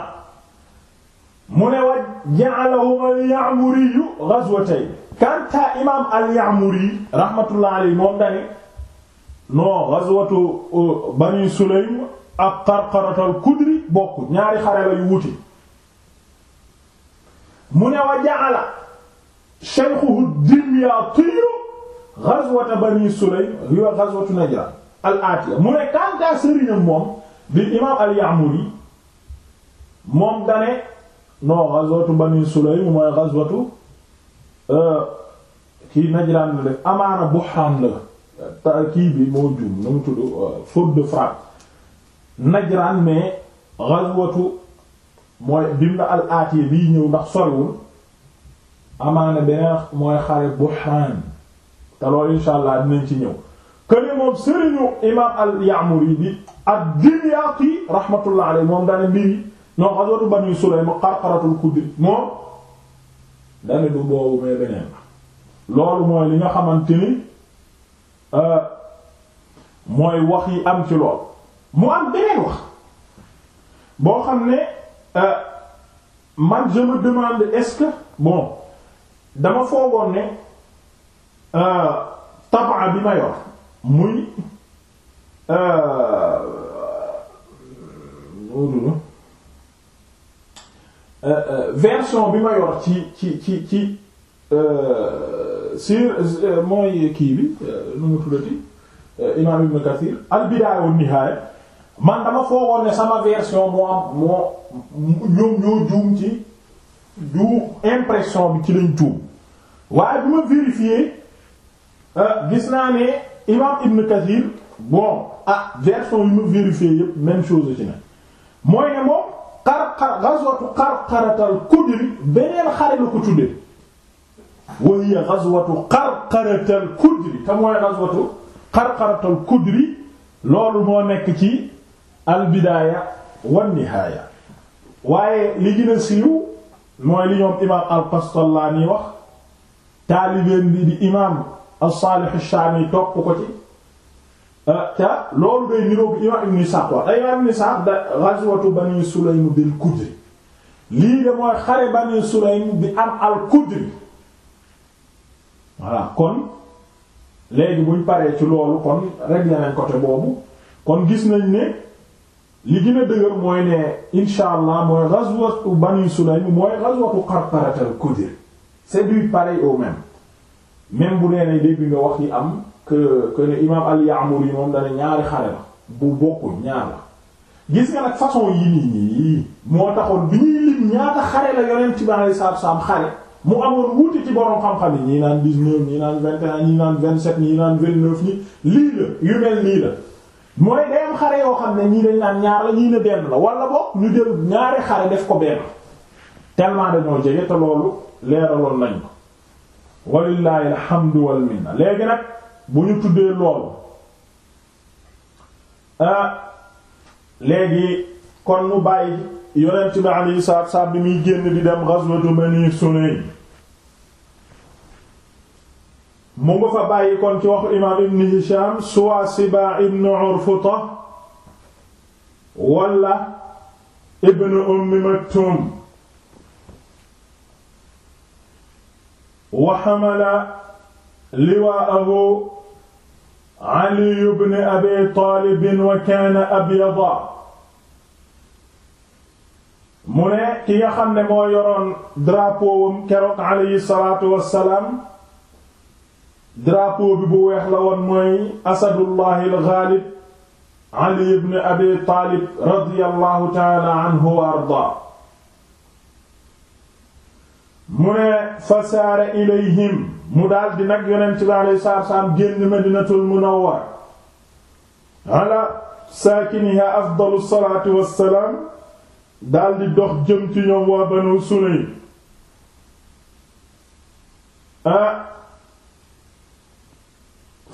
mu ne wa ja'alahum al-Ya'muri ghazwatayn kanta imaam al-Ya'muri rahmatullahi alayhi moom dane non ghazwatu uh, bani sulaym ak qarqaratul kudri bokk ñaari xare lay wuti mu ne wa ja'ala shaykhuhu Dimyaatiyu ghazwata Bani Sulaym huwa ghazwatu Najraan al-aatiya mu ne kanta sëriñam moom di imaam al-Ya'muri moom dane non ghazwatu Bani Sulaym mooy ghazwatu euh, kii Najraan la def amaana Buhraan la ta kii bi moo jum nu mu tudd euh, faute de frappe Najraan mais ghazwatu mooy bim la al aatiye bii ñëw ndax soriwul amaana beneen mooy xare Buhraan te loolu insha dinañ ci ñëw këne moom sëriñu imam al-Ya'muri bi ad-Dimyaati rahmatullah alayhi moom dane mbiri ñoo xasatu Banu Sulaym Qarqaratul Kudri moom dane du boobu mais beneen loolu mooy li nga xamante ni euh, mooy wax yi am ci lool mu am beneen wax boo xam ne Euh, man je me demande est-ce que bon dama foogoon ne euh, tabaa bi ma yor muy euh, version bi ma yor ci ci ci ci sur mooy kii bi nu mu tuddati imaam Ibn Kathir al-Bidaaya wan-Nihaaya man dama foogoon ne sama version moo am moo ñoom ñoo juum ci du impression bi ci lañ juum waaye bu ma vérifier euh, gis naa ne imam Ibn Kathir bon ah version yu ma vérifier yépp même chose ci na mooy ne moom xarxar ghazwatu Qarqaratal Kudri beneen xare la ko tuddee wa hiya ghazwatu Kudri te mooy ghazwatu Qarqaratal Kudri loolu moo nekk ci al bidaaya nihaaya waaye li gën a siiw mooy li ñoom imaam al Qastallaani wax taalibeen bi di imaam al Saalih ash-Shaami topp ko ci te euh, loolu day niroo bi imaam Ibn Isaaq da ghazwatu Bani Sulaym lii de mooy xare bi am al Kudri voilà kon léegi buñ paree ci loolu kon réglé nañ côté boobu kon gis nañ ne li gën a dëgër mooy ne insha allah mooy ghazwatu Bani Sulaym mooy ghazwatu Qarqarat al-Kudir c'est du pareil au même même bu nee ne bi nga wax yi am que que ne imaam al-Ya'muri moom dana ñaari xare la bu bokkul ñaar la gis nga nag façon yi nii nii moo taxoon bi ñuy lim ñaata xare la yonent bi alayhi salaatu salaam xare mu amoon wuute ci borom xam-xam yi ñii naan 19 ñii naan 21 ñii ñii naan 29 ñi lii la yu mel nii la. mooy day xare yoo xam ne ñii dañ naan ñaar la ñii ne benn la wala boog ñu jël ñaari xare def ko benn tellement dañoo jege te loolu leeraloon nañ ko walillahi alhamdu wal minna léegi nag bu ñu tuddee loolu ah léegi kon mu bàyyi yonent bi alayhi yi wa salaam bi muy génn di dem ghazwatu Bani Sulaym mu nga fa bàyyi kon ci waxu imaam ibn Hisham suwa Sibaa ibn Urfuta wala ibn Ummi Maktum wa hamala liwaahu Ali ibn Abi Taalib wa kaana abyada mu ne ki nga xam ne moo yoroon drapeau wam keroog alayhi salaatu wassalaam drapeau bi bu weex la woon mooy asadullahi alxaalib ali ibn abi taalib radiyallahu taala anhu wa arda mu ne fasaare ilayhim mu daal di nag yonent bi alayhi salaatu salaam génn madinatul munawwar ala saakiniha afdalu salaatu wassalaam daal di dox jëm ci ñoom waa banu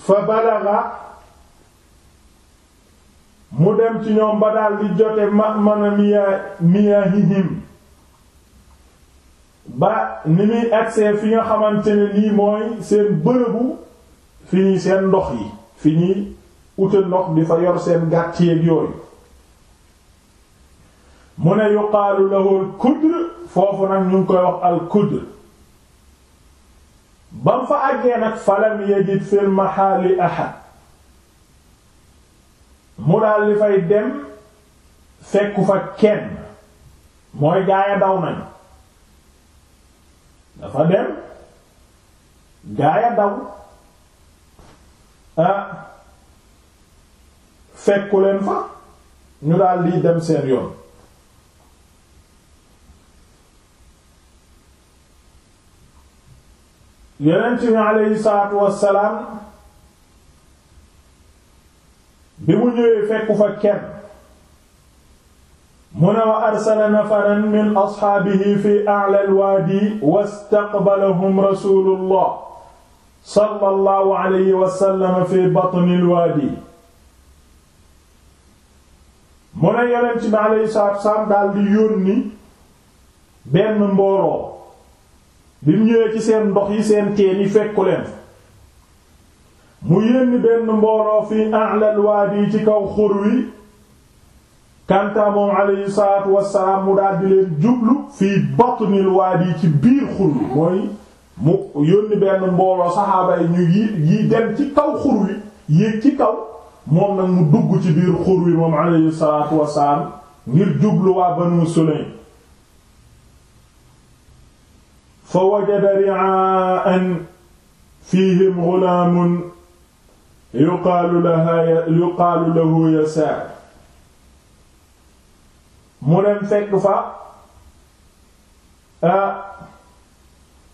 fa balaga mu dem ci ñoom ba daal di jote ma'mana miya miyahihim ba ni muy agsee fi nga xamante ne nii mooy seen bërëbu fi ñuy seen ndox yi fi ñuy ute ndox di fa yor seen gàtt yeeg yooyu mu ne yuqaalu lahu al kudr foofu nag ñu ngi koy wax al kudr ba mu fa àggee nag falam yajid fil mahaali ahad mu daal li fay dem fekku fa kenn mooy gaaya daw nañu dafa dem gaaya daw ah fekku fa ñu daal di dem seen yoon yonent bi aleyhi salaatu wassalaam bi mu ñëwee fekku fa kenn mu ne wa arsala nafaran min asxaabihi fi a'la alwaadi wastaqbalahum rasulullah sallallahu alayhi wa sallam fi batni alwaadi mu ne yonent bi aleyhi salaatu wassalaam daal di yónni benn mbooloo bi mu ñëwee ci seen ndox yi seen teen yi fekku leen mu yénni benn mbooloo fi a'lal waadi ci kaw xur wi kanta moom alayhi salaatu wassalaam mu daal di leen jublu fii batnil waadi ci biir xur wi mooy mu yónni benn mbooloo saxaaba yi ñu yi dem ci kaw xur wi yéeg ci kaw moom nag mu dugg ci biir xur wi moom alayhi salaatu wassalaam ngir jublu waa Banu Sulaym fa wajada ri'aan fiihim ghulaamun yuqaalu lahaa yuqaalu lahu yasaar mu dem fekk fa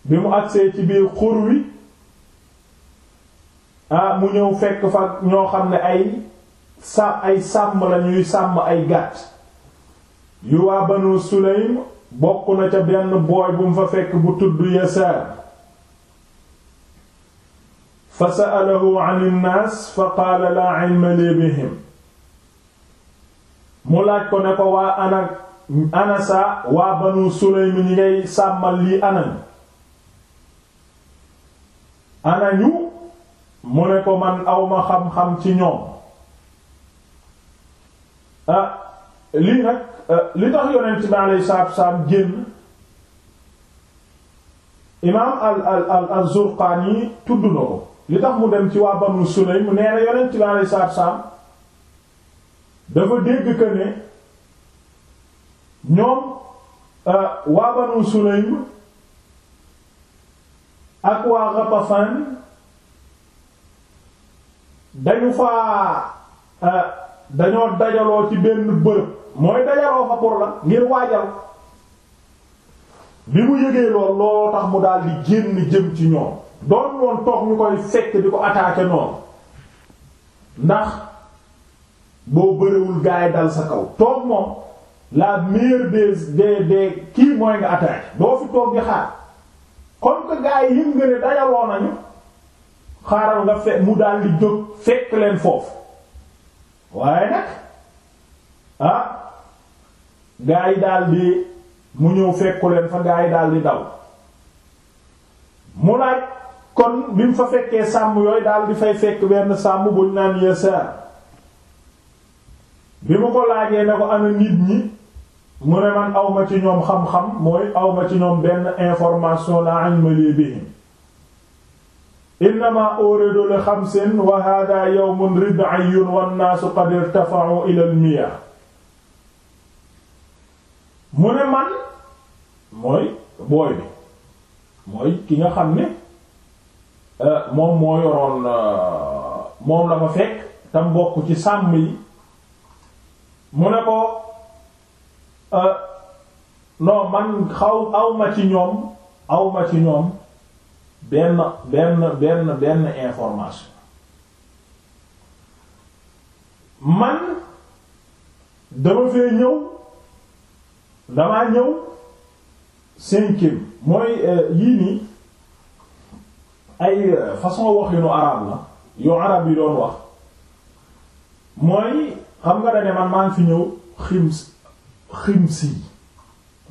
bi mu agsee ci biir xur wi mu ñëw fekk fa ñoo xam ne ay sàmm ay sàmm la ñuy sàmm ay gàtt yu waa Banu Sulaym bokk na ca benn booy bu mu fa fekk bu tudd yasaar fa sa'alahu an innaas ko ne ko waa ana anasa waa banu sulaym ñi sàmmal lii anañu anañu mu ne ko man awma xam-xam ci ñoom ah, lii nag euh, li tax yonent bi alayhi salaatu wasalaam génn imaam al al al al Zurqaani tudd na ko li tax mu dem ci waa Banu Sulaym nee na yonent bi alayhi salaatu wasalaam dafa dégg que ne ñoom euh, waa Banu Sulaym ak waa Ghatafan dañu faa. Euh, dañoo dajaloo ci benn bërëb mooy dajaloo fa pour la ngir waajal bi mu yëgee lool loo tax mu daal di génn jëm ci ñoom doon woon toog ñu koy fekk di ko attaquer noonu ndax boo bëriwul gaay dal sa kaw toog moom la meilleure des des des kii mooy nga attaquer doo fi toog di xaar comme que gaay yi yëngu ne dajaloo nañu xaaral nga fe mu daal di fekk leen foofu. waaye nag ah gaa yi daal di mu ñëw fekku leen fa gaa yi daal di daw mu laaj kon bi mu fa fekkee sàmm yooyu daal di fay fekk benn sàmm buñ naan yeesaar bi mu ko laajee ne ko ana nit ñi mu ne man awma ci ñoom xam-xam mooy awma ci ñoom benn information la añ ma lee innama uridu li xamsin wa hada yawmun rid'iyyun wannaasu qad irtafa'u ila al-mi'a mu ne man mooy booy bi mooy ki nga xam ne euh, moom moo yoroon euh, moom la fa fekk tam bokk ci sàmm yi mu ne ko euh, non man xaw awma ci ñoom awma ci ñoom benn benn benn benn information man dama fee ñëw damaa ñëw cinquième mooy euh, yii nii ay euh, façon wax araab la yoo araab yi doon wax mooy xam nga dane man maa fi ñëw xims ximsi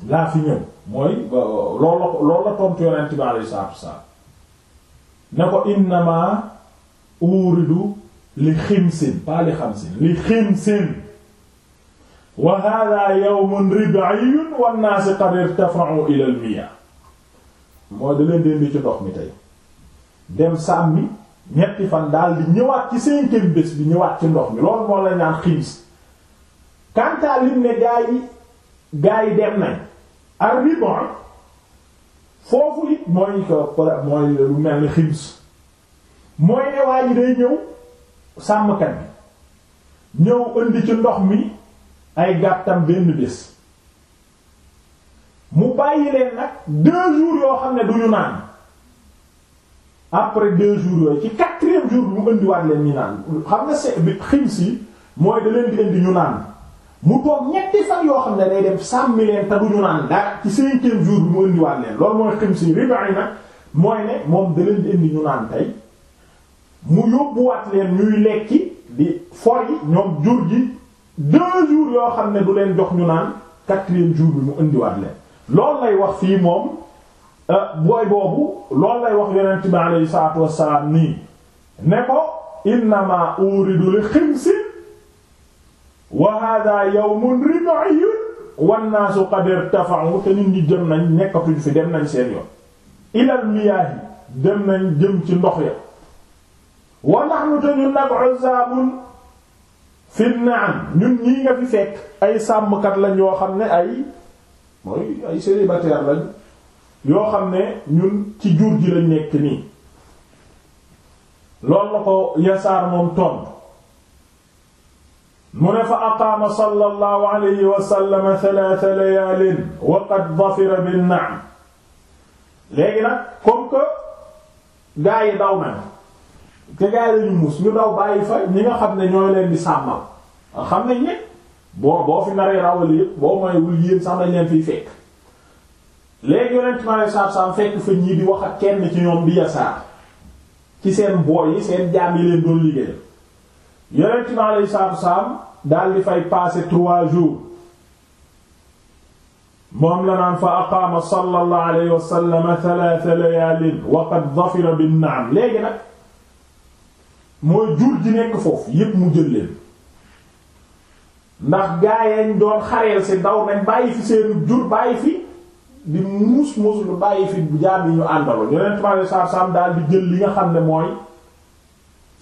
laa fi ñëw mooy loolu la loolu la tontu yonent bi alayhi salaatu wa salaam ne ko innama uridu li ximsin pas xamsin li ximsin wa hada yawmun rib'iyun wan naas qad irtafa'u ila al miya mooy da leen dendi ci ndox mi tey dem sàmmi ñetti fan daldi di ñëwaat ci cinquième bés bi ñu ñëwaat ci ndox mi loolu moo la ñaan xims kantaa lim ne gaa yi dem nañ ar ribon foofu it mooy ko mooy lu mel ni xims mooy ne waa day ñëw sàmmkat bi ñëw indi ci ndox mi ay gàttam benn bés mu bàyyi leen nag deux jours yoo xam ne duñu ñu naan après deux jours yooyu ci quatrième jour bi mu indiwaat leen ñu naan xam nga se xims yi mooy da leen di ñu naan mu toog ñetti fan yoo xam ne day dem sàmmi leen te duñu naan dara ci cinquième jour bi mu indiwaat leen loolu mooy xim si ribaay nag mooy ne moom da leen di indi ñu naan tey mu yóbbuwaat leen ñuy lekki di for ñoom jur gi deux jours yoo xam ne du leen jox ñu naan quatrième jour bi mu indiwaat leen loolu lay wax fii moom euh, booy boobu loolu lay wax yonent bi alayhi salaatu wassalaam nii ne ko innama uridu li ximsi wa hada yawmun rim'iyun wan naasu qad irtafa'u te nit ñi jëm nañ nekkatuñ fi dem nañ seen yoon ilal miyaahi dem nañ jëm ci ndox ya wa nahnu te ñun nag uzabun fi na'am ñun ñii nga fi fekk ay sàmmkat lañ yoo xam ne ay mooy ay célibataire lañ yoo xam ne ñun ci jur ji lañ nekk nii loolu la ko yasaar moom tontu mu ne fa aqaama sallallahu alayhi wa sallam talaata layaalin wa qad dafira bin naam léegi nag comme que gaa yi daw nañ te gaa yi lañu muus ñu daw bàyyi fa ñi nga xam ne ñooy leen di sàmmal xam nañ ne boo boo fi naree rawali yëpp boo mooy wul yéen sax dañ leen fiy fekk léegi yonent ma ne saab-saab fekk fa ñii di wax ak kenn ci ñoom bi yasaar ci seen booy yi seen jaam yi leen doon liggéeyal yonent ma ne saab-saab daal di fay passer trois jours moom la naan fa aqaama sallallahu alayhi wa sallam thalatha layaalin wa qad dhafira bin na'am léegi nag mooy jur ji nekk foofu yépp mu jël leen ndax gaayañ doon xareel si daw nañ bàyyi fi seen jur bàyyi fi di muus muus lu bàyyi fi bu jaar ñu àndalo yeneen trois cent daal di jël li nga xam ne mooy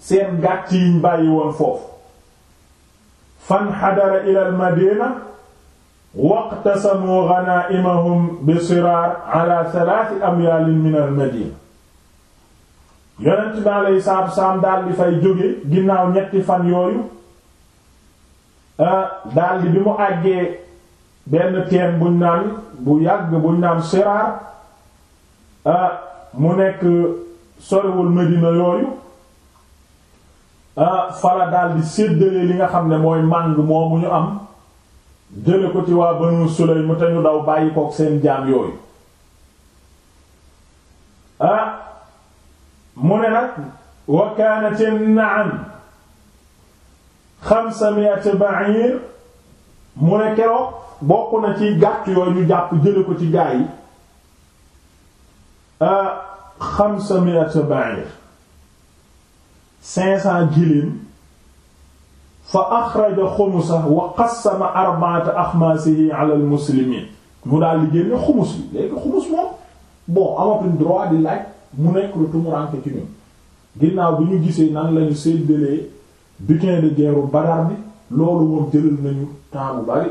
seen gàtt yiñ bàyyi woon foofu. fanxadara ila almadina waqtasamu ghana'imahum bi siraar ala salaasi amyaalin min almadina yonent bi alayhi salaatu salaam daal di fay jóge ginnaaw ñetti fan yooyu ah, daal di bi mu àggee benn teen buñ naan bu yàgg buñ naan siraar ah, mu nekk sorewul Medina yooyu Ah, fala daal di séddale li nga xam ne mooy màng moomu ñu am jële ko ci waa Banu Sulaym te ñu daw bàyyi kook seen jaam yooyu ah mu ne nag wa kaanat an-na'am xamsa mi'at ba'ir mu ne keroog bokk na ci gàtt yooyu jàpp jële ko ci gaa yi ah xamsa mi'at ba'ir cinq cent giléem fa axraja xumusa wa qassama arba'ata axmaasihi ala almuslimiin mu daal di génne xumus bi léegi xumus moom bon amatuñ droit di laaj mu nekk lu tumuranke ci ñun ginnaaw bi ñu gisee nan lañu séddalee butin de guerre Badar bi loolu moom jëlal nañu temps bu bari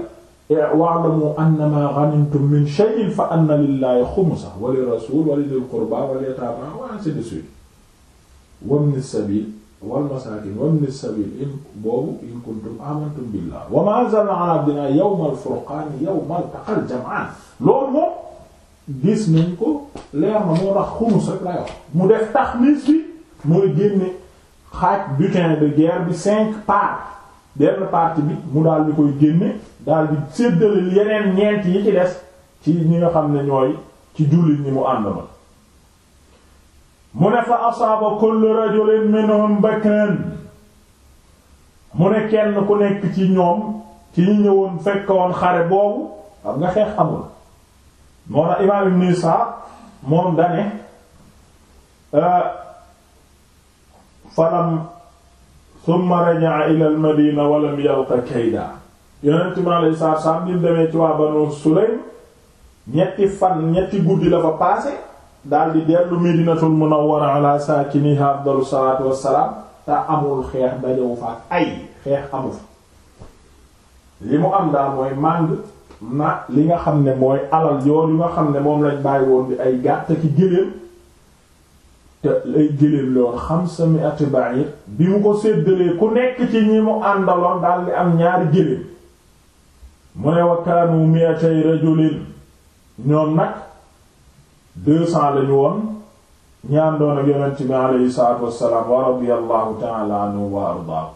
wa'lamu annama ghanimtum min shay'in fa anna lillahi xumusa wa lirrasul wa lidil qurba wa liyatama wa ainsi de suite wa ibnis sabil wal masaakin wabni sabiil in boobu in kuntum amantum billah wa ma anzalna ala abdina yawmal furqaan yawmal taqal jam'aan loolu moom gis nañ ko leer na moo tax xumus rek lay mu def taxmiis bi mooy génne xaaj butin de guerre bi cinq parts benn partie bi mu daal di koy génne daal di séddale yeneen ñeent yi ci des ci ñi nga xam ne ñooy ci jullit ñi mu ànd ma mu ne fa asaaba kullu rajulin minhum bakran mu ne kenn ku nekk ci ñoom ci ñu ñëwoon fekkoon xare boobu xam nga xeex amul moo tax imaam ibn Isa moom dane euh, falam thumma raja'a ila madina wa lam yalqa kayda yonent mi alayhi salaatu salaam nim demee ci waa Banu Sulaym ñetti fan ñetti guddi la fa paase daal di dellu Medinatul Munawwara ala saakiniha afdalu salaatu wassalaam te amul xeex dajawu fa ay xeex amu li mu am daal mooy màng na li nga xam ne mooy alal yoon yu nga xam ne moom lañ bàyyi woon bi ay gàtt ki géléem te ay géléem lool xamsa mi'ati ba'ir bi mu ko séddalee ku nekk ci ñi mu àndaloon daal am ñaari géléem mu ne wa kaanu mi'atay rajulin ñoom nag deux cents lañu woon ñi àndoon ak yonent bi aleyhi salaatu wassalaam wa radiyallahu ta'ala wa ardaa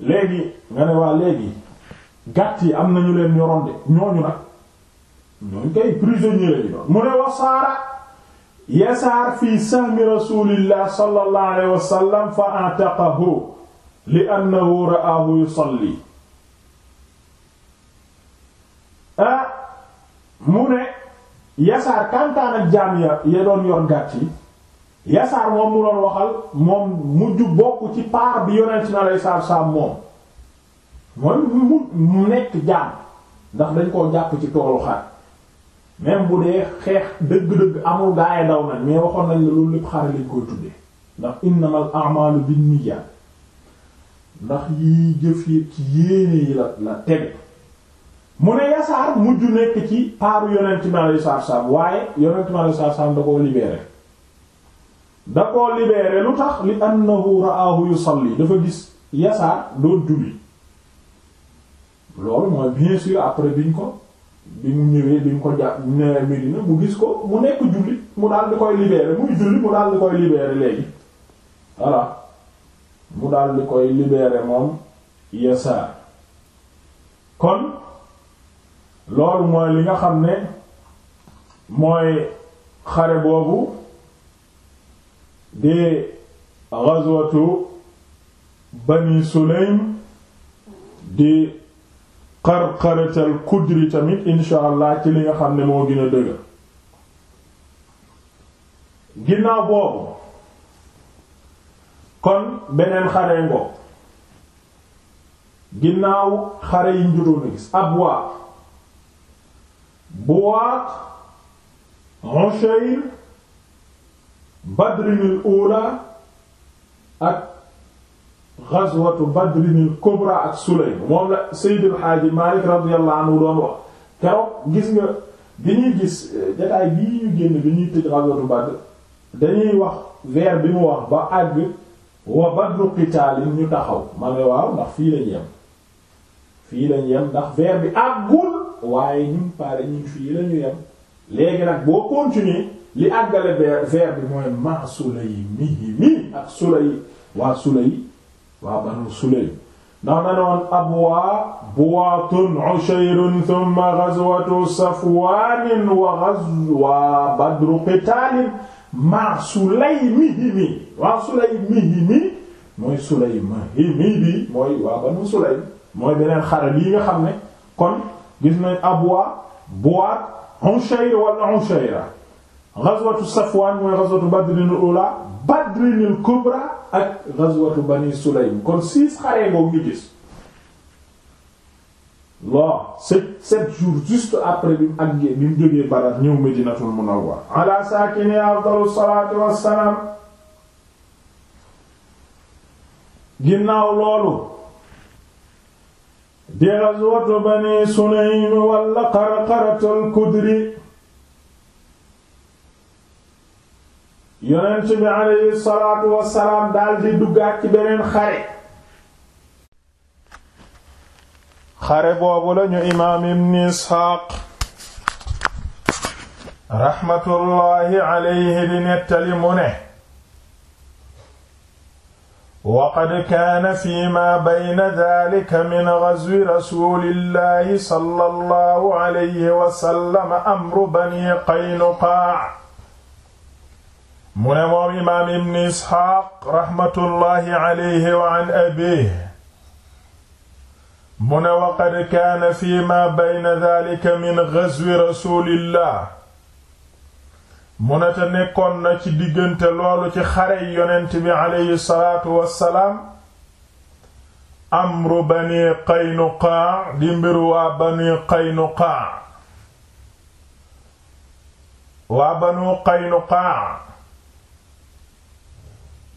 léegi nga ne waa léegi gàtt yi am nañu leen yoroon de ñooñu nag ñooñu kay prisonnier yi doon mu ne wasaara yasaar fii sahmi rasulillah sallallahu alayhi wasallam fa ataqahu li annahu ra'ahu yusalli ah mu ne yasaar kantaan ak jaam ya ya doon yor gàtt yi yasaar moom mu doon waxal moom mujj bokk ci paar bi yonent na lay saab saab moom mooy mu nekk jaam ndax dañ koo jàpp ci toolu xar même bu dee xeex dëgg-dëgg amul gaay daw nañ mais waxoon nañ ne loolu lépp xare lañ koy tuddee ndax innamal a'malu binniyat ndax yi jëf yëpp ci yéene yi la la teg mu ne yasaar mujj nekk ci paaru yonent mi alayhi salaatu salaam waaye yonent mi alayhi salaatu salaam da koo libéré da koo libéré lu tax li annahu ra'ahu yusalli dafa gis yasaar doon julli loolu mooy bien sûr après biñ ko bi mu ñëwee bi ñu ko jàpp nee Medina mu gis ko mu nekk julli mu dal di koy libéré muy julli mu daal di koy libéré léegi voilà mu daal di koy libéré moom yasaar kon loolu mooy li nga xam ne mooy xare boobu di ghazwatu bani sulaym di qarqaratal kudri tamit insha allah ci li nga xam ne moo gën a dëgg ginnaaw boobu kon beneen xare ngoo ginnaaw xare yi njuróon a gis abwa Buwaat Ushayr Badrinil Ula ak gazwatu Badrinil Kubra ak Sulaym moom la Seydil Haaji Maalik radiyallahu anhu doon wax keroog gis nga bi ñuy gis eh, gazwatu Badr dañuy wax vers bi mu wax ba àgg wa badru qitaalin ñu taxaw ma ne waaw ndax fii lañ yem bi àggul waaye ñun pare ñun fii la yem léegi nag boo continuer li àggale vers bi mooy ma Sulay mi mi ak Sulay waa Sulay waa Banu Sulay ndax na noon abwa buwatun ushayrun thumma ghazwatu safwanin wa ghazwa badru qitaalin ma Sulay mi mi waa mooy Sulay ma mooy waa Banu Sulay mooy beneen xare bii nga xam ne gis nañ Abwa Buwaat Ushayr wala Ushayra ghazwatu Safwan mooy ghazwatu Badrin al-ula Badrin al-kubra ak ghazwatu Bani Sulaym kon six xare boobu ñu gis waaw sept sept jours juste après bi mu àggee bi mu jógee Badar ñëw Madinatul Munawwara ala saakini afdalu loolu di ghazwatu bani sulaym walla qarqaratul kudri yonent bi aleyhi salaatu wassalaam daal di duggaat ci beneen xare xare boobu lañu imaam ibn isxaaq raxmatullaahi aleyhi di nettali mu ne waqad kaana fi ma bayna daalika min ghazwi rasulillahi sallallahu alayhi wa sallam amru bani qaynuqaa mu ne moom imaam ibn isxaaq raxmatullahi alayhi wa an abiihi mu ne waqad kaana fi ma bayna daalika min ghazwi rasulillah mu ne nekkoon na ci diggante loolu ci xare yonent bi aleyhi salaatu wassalaam amru bani qaynuqaa di mbiru waa bani qaynuqaa waa banu qaynuqaa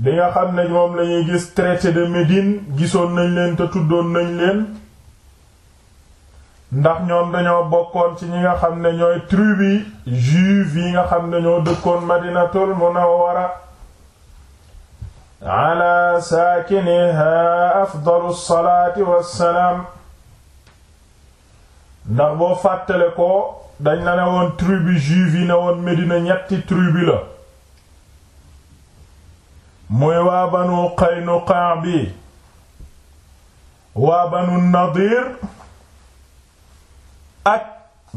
bi nga xam ne moom lañuy gis traité de Médine gisoon nañ leen te tuddoon nañ leen ndax ñoom dañoo bokkoon ci ñi nga xam ne ñooy tribu juif yi nga xam ne ñoo dëkkoon madinatul munawwara ala saakiniha afdalu salaati wassalaam ndax boo fàttale ko dañ la ne woon tribu juif yi ne woon Medina ñetti tribu la muy waa banu Qaynuqa bi waa banu Nadir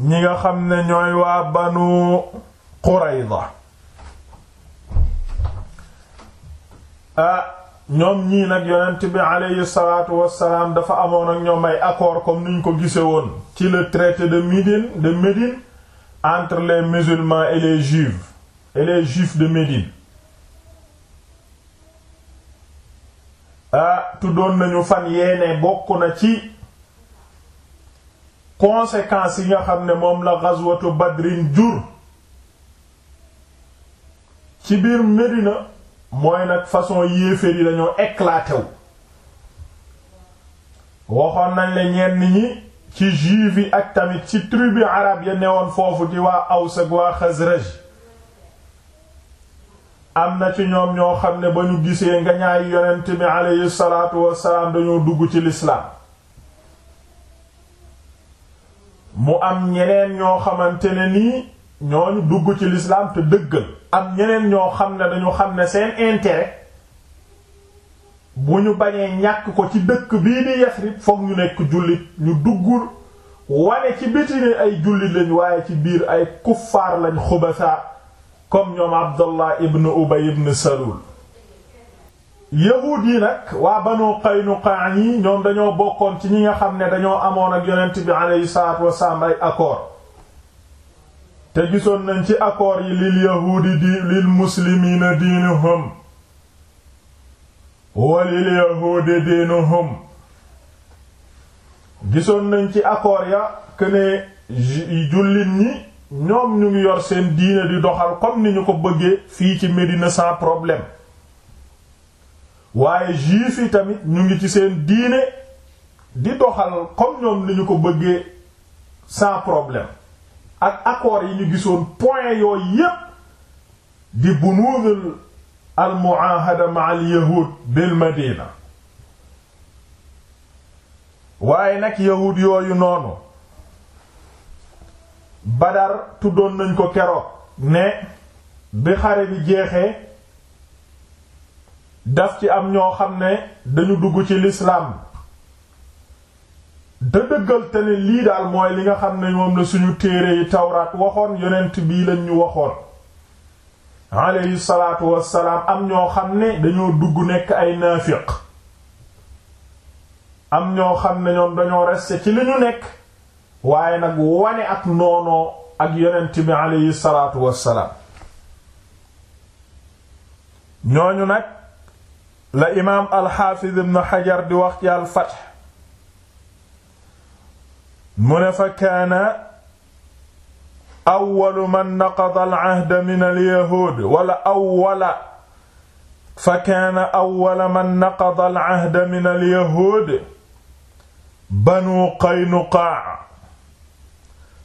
ñi nga xam ne ñooy waa banu Qurayza ñoom ñii nag yonent bi aleyhi salaatu wassalaam dafa amoon ak ñoom ay accord comme niñ ko gisee woon ci le traité de Médine de Médine entre les musulmans et les juifs et les juifs de Médine ah tuddoon nañu fan yeene bokk na ci conséquences yi nga xam ne moom la ghazwatu badrin jur ci biir Medina mooy nag façon yéeféer yi dañoo éclaté wu waxoon nañ la ñenn ñi ci juif yi ak tamit ci tribu arab ya newoon foofu ci waa Aws ak waa Xasraj am na ci ñoom ñoo xam ne ba ñu gisee nga ñaay yonent bi aleyhi salaatu wassalaam dañoo dugg ci lislaam mu am ñeneen ñoo xamante ne nii ñooñu dugg ci lislaam te dëggal am ñeneen ñoo xam ne dañu xam ne seen intérêt bu ñu bañee ñàkk ko ci dëkk bii di Yasrib fokk ñu nekk jullit ñu duggul wane ci biti ne ay jullit lañ waaye ci biir ay kuffaar lañ xubasa comme ñoom Abdallah ibn Ubay ibn Salul yahuud yi nag waa banu Qaynuqaa yi ñoom dañoo bokkoon ci ñi nga xam ne dañoo amoon ak yonent bi aleyhi salaatu wasalaam ay accord te gisoon nañ ci accord yi lil yahuudi di lil muslimiina diinuhum wa lil yahuudi diinuhum gisoon nañ ci accord ya këne jullit ñi ñoom ñu ngi yor seen diine di doxal comme ni ñu ko bëggee fii ci Médina sans problème waaye juif yi tamit ñu ngi ci seen diine di doxal comme ñoom ni ñu ko bëggee sans problème ak accords yi ñu gisoon point yooyu yépp di bunuudul al muahada ma al yahud bil madina waaye nag yahud yooyu noonu badar tuddoon nañ ko keroog ne bi xare bi jeexee daf ci am ñoo xam ne dañu dugg ci lislaam da dëggal te ne lii daal mooy li nga xam ne moom la suñu téere yi tawraat waxoon yonent bii lañ ñu waxoon aleyhi salaatu wassalaam am ñoo xam ne dañoo dugg nekk ay naafiq am ñoo xam ne ñoom dañoo reste ci li ñu nekk waaye nag wane ak noonoo ak yonent bi aleyhi salaatu wassalaam ñooñu nag la imaam alxaafiz ibn xajar di wax ci alfath mu ne fa kaana awwalu man naqada alahda min alyahuud wala awwala fa kaana awwala man naqada alahda min alyahuud banu qaynuqaa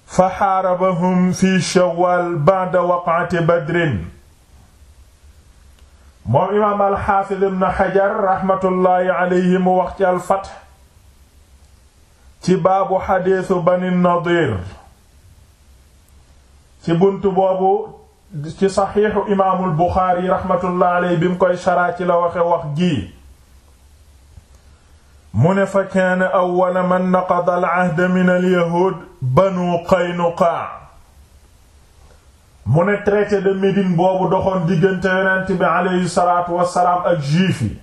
fa xaarabahum fi shawwal ba'da waq'ati badrin moom imaam alxaafid ibn xajar raxmatullaahi aleyhi mu wax ci alfath ci baabu xadiisu bani nadir ci bunt boobu ci saxiixu imaamul buxaari raxmatullaahi aleyhi bi mu koy sharaa ci la waxe wax gii mu ne fa kaana awwala man naqada al ahda min al yahuud banu qaynuqaa mu ne traité de Médine boobu doxoon diggante yonent bi aleyhi salaatu wassalaam ak juif yi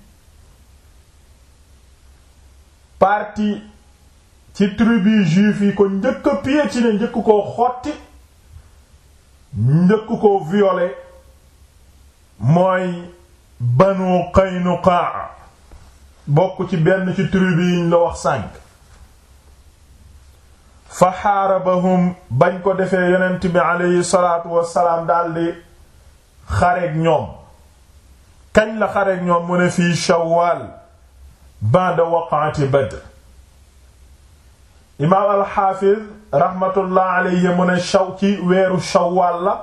parti ci tribu juif yi ko njëkk a piétiné njëkk koo xotti njëkk ko violé mooy Banu Qaynuqa bokk ci benn ci tribu yiñ la wax sànk fa xaarabahum bañ ko defee yonent bi aleyhi salaatu wasalaam daldi xareeg ñoom kañ la xareeg ñoom mu ne fii shawwal ba'da waqaati badr imaam alxaafiz rahmatullah aleyhi mu ne shaw ci weeru shawwal la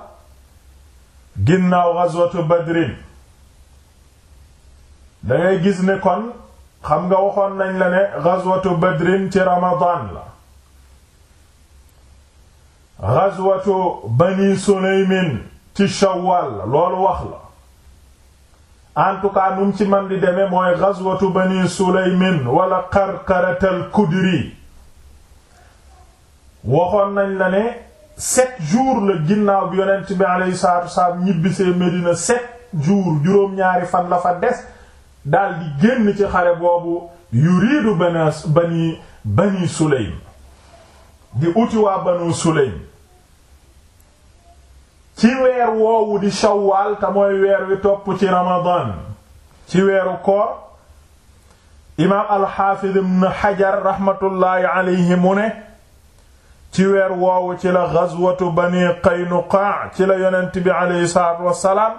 ginnaaw ghazwatu badrin dangay gis ne kon xam nga waxoon nañ la ne ghazwatu badrin ci ramadan la ghazwatu bani suleymin ci shawwal loolu wax la en tout ci man di demee mooy ghazwatu bani suleymin wala qarqaratal kudri waxoon nañ la ne sept jours la ginnaaw bi yonent bi alayhi salaatu wasalaam ñibbisee Medina sept jours juróom-ñaari fan la fa des daal di génn ci xare boobu yuriidu bani bani bani sulaym di uti waa banu sulaym ci weer woowu di shawwal te weer wi topp ci ramadan ci weeru koor imaam alxaafid ibn xajar raxmatullaahi alayhi mu ne ci weer woowu ci la gazwatu bani qaynuqaa ci la yonent alayhi salaatu wassalaam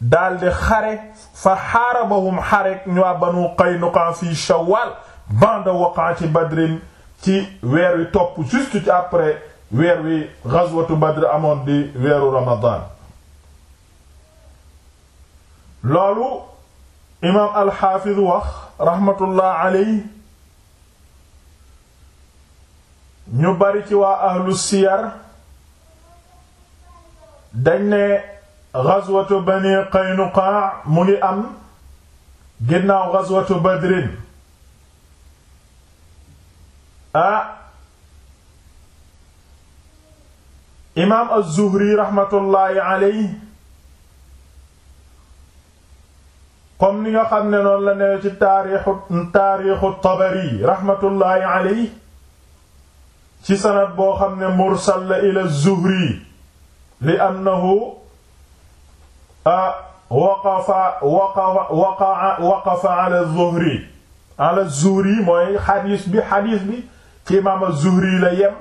daldi xare fa xaarabahum xare ñu banu qaynuqaa fi shawwal ba'da waqaati badrin ci weer wi topp juste ci après weer wi ghazwatu Badr amoon di weeru Ramadan loolu imaam alxaafiz wax raxmatullah aley ñu bari ci waa ahlu siyar dañ ne Bani Qaynuqa mu ngi am ginnaaw ghazwatu Badrin ah imaam az-Zuhri raxmatullaahi alayhi comme ni nga xam ne noonu la newe ci taarixu taarixu Tabari raxmatullaahi alayhi ci sanad boo xam ne mursal la ila az-Zuhri li annahu waqafa waqafa waqafa ala az-Zuhri ala az-Zuhri mooy xadiis bi xadiis bi ci imaam az-Zuhri la yem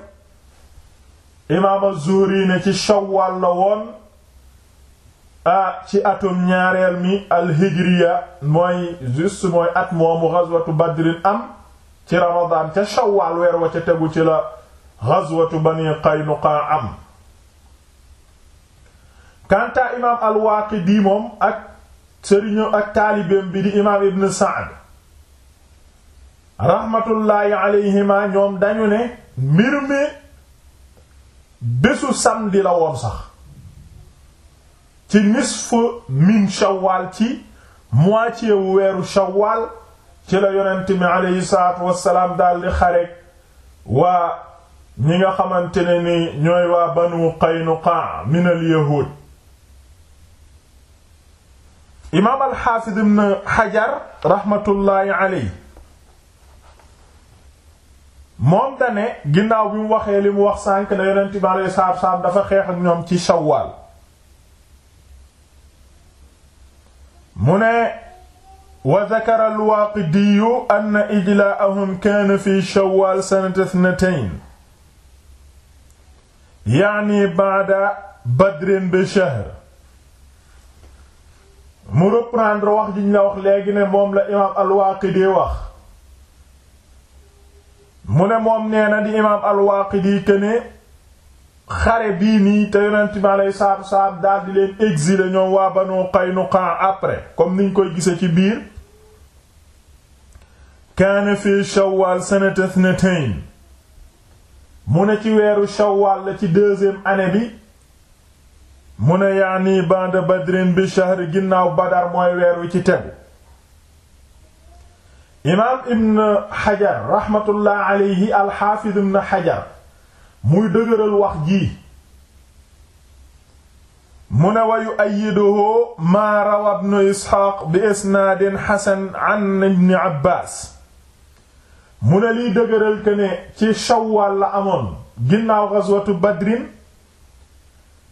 imaam az-Zuhri ne ci shawwal la woon ah ci atum ñaareel mi al-hijriya mooy juste mooy at moomu ghazwatu badrin am ci ramadan ca shawwal weer wa ca tegu ci la ghazwatu bani qaynuqa am kanta imaam al-Waaqidi moom ak taalibeem bi di imaam ibn Sa'd rahmatullaahi alayhima ñoom dañu ne mbir mi bésu samedi la woon sax ci nisfu min shawwal ci moitié wu weeru shawwal ci la yonent mi aleyhi salaatu wassalaam daldi xareek waa ñi nga xamante ne ni ñooy waa banu qaynuqa min al yahuud imaam alxaafid ibn xajar raxmatullaahi aleyhi moom da ne ginnaaw bi mu waxee li mu wax sànk na yonent bi alayhi salaatu salaam dafa xeex ak ñoom ci shawwal mu ne wa zakara al-Waaqidiyyu anna ijlaa'ahum kaana fi shawwal sanata ithnatayn ya'ni ba'da badrin bi shahr mu reprendre wax jiñ la wax léegi ne moom la imaam al-Waaqidi wax mu ne moom nee na di imaam al-Waaqidi këne xare bii nii te yonent bi aleyhi salaatu salaam daal di leen exiler ñoom waa Banu Qaynuqa après comme niñ koy gise ci biir kaana fi Shawwal sanata ithnatayn mu ne ci weeru Shawwal la ci deuxième année bi mu ne yaani ba'da Badrin bi shahr ginnaaw Badar mooy weer wi ci tegu imaam ibn xajar rahmatullah alayhi alxaafiz ibn xajar muy dëgëral wax ji mu ne wa yu'ayyiduhu maa rawa ibnu isxaaq bi isnaadin xasan an ibni abbaas mu ne liy dëgëral ke ne ci shawwal la amoon ginnaaw gazwatu badrin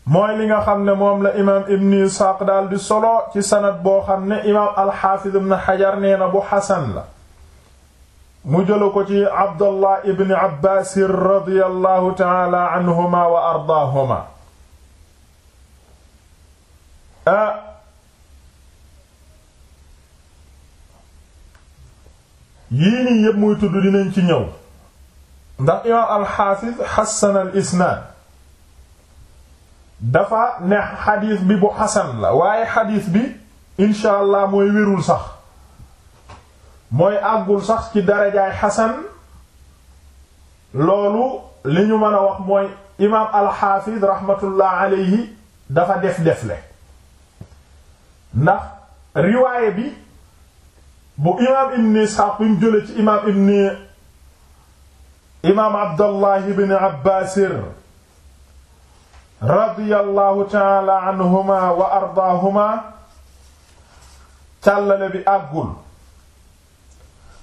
mooy li nga xam ne moom la imaam ibn isxaaq daal di solo ci sanad boo xam ne imaam alxaafiz ibn xajar nee na bu xasan la mu jëlu ko ci abdallah ibni abbaasir radiyallahu taala wa ardaahuma a yii yépp muy tudd dinañ ci ñëw ndax imaam alxaafis xasan al dafa ne xadiis bi bu xasan la waaye xadiis bi incha muy wirul sax mooy àggul sax ci darajaay xasan loolu li ñu mën a wax mooy imaam alxaafid rahmatullah alayhi dafa def defle ndax riwaaye bi bu imaam ibn isxaaq bi mu jële ci imaam ibn imaam abdallah ibn abbaasir radiyallahu taala anhuma wa ardaahuma càllale bi àggul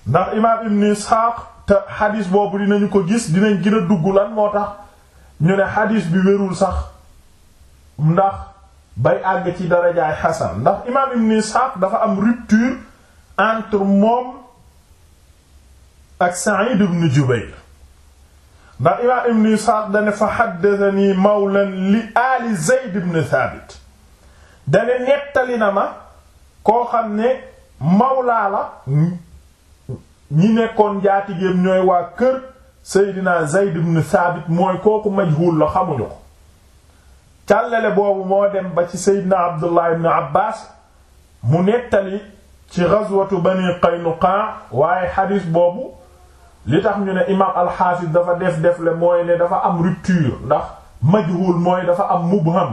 ndax imaam ibn Isxaaq te xadis boobu dinañu ko gis dinañ gën a dugg lan moo tax ñu ne xadis bi wérul sax ndax bay àgg ci darajaay xasan ndax imaam ibn Isxaaq dafa am rupture entre mom ak Sa'id ibn Jubayr ndax imaam ibn Isxaaq dane fa xaddatani mawlan li aali Zayd ibn Thabit dane nettali na ma koo xam ne mawlaa la ñi nekkoon njaati jaatigeem ñooy waa kër Seydina Zayd ibn Thabit mooy kooku majhul la xamuñu ko càllale boobu moo dem ba ci Seydina Abdullah ibn Abbas mu nettali ci ghazwatu Bani Qaynuqa waaye xadiis boobu li tax ñu ne imaam alxaafis dafa def def mooy ne dafa am rupture ndax majhul mooy dafa am mubham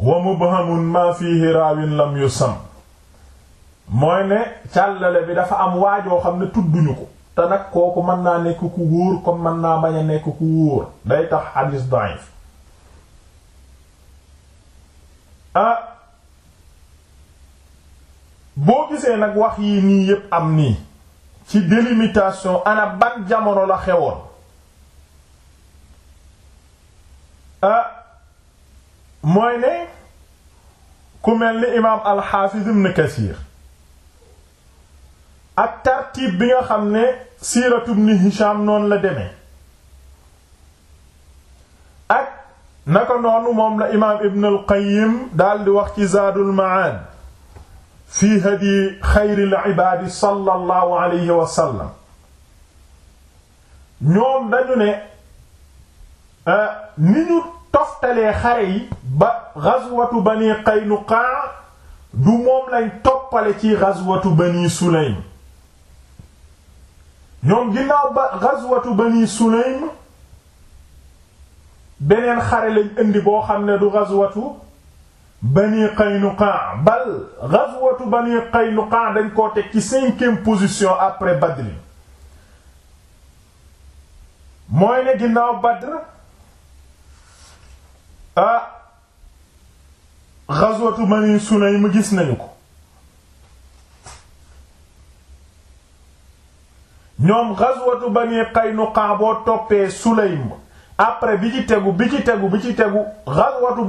wa mubhamun ma fihi raawin lam yusam mooy ne càllale bi dafa am waajoo xam ne tudduñu ko te nag kooku mën naa nekk ku wóor comme mën naa bañ a nekk ku wóor day tax hadis da'if ah boo gisee nag wax yi nii yépp am nii ci délimitation ana ban jamono la xewoon ah mooy ne ku mel ni imaam al-Hafiz ibn ak tartiib bi nga xam ne siiratu ibn Hisham noonu la deme ak naka noonu moom la imaam Ibn al-Qayyim wax ci Zaadul Ma'aad fii hadyi xayril ibaadi sallallahu alayhi wa sallam ñoom dañu ne euh, ni ñu toftalee xare yi ba ghazwatu Bani Qaynuqaa du moom lañ toppale ci ghazwatu Bani Sulaym ñoom ginnaaw ba gazwatu bani sulaym beneen xare lañ indi boo xam ne du gazwatu bani qaynuqa bal gazwatu bani qaynuqa dañ koo teg ci cinquième position après badr mooy ne ginnaaw badr ah gazwatu bani sulaym gis nañu ko ñoom ghazwatu bani Qaynuqa boo toppee Sulaym après bi ci tegu bi ci tegu bi ci tegu ghazwatu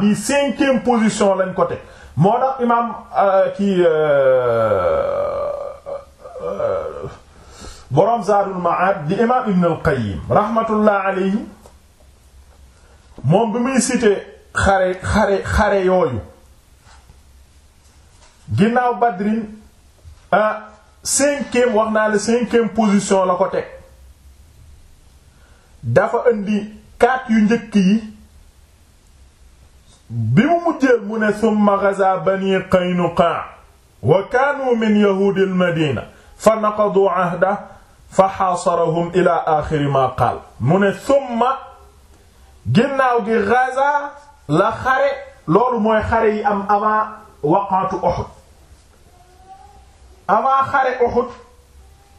bi cinquième position lañ ko teg moo tax imaam euh, kii euh, euh, borom Zaadul Ma'aad di imaam Ibn al-Qayyim rahmatullah alayhi moom bi muy cité xare yooyu ginnaaw Badrin ah, cinquième wax la cinquième position la ko teg dafa indi quatre yu njëkk yi bi mu mujjeel mu ne gaza bani qaynuqa wa kaanu min yahuudi almadina fa naqadu ahda fa xaasarahum ila axiri ma qaal mu ne ginnaaw gi gaza la xare loolu mooy xare yi am avant waqatu Uhud avant xare Uhud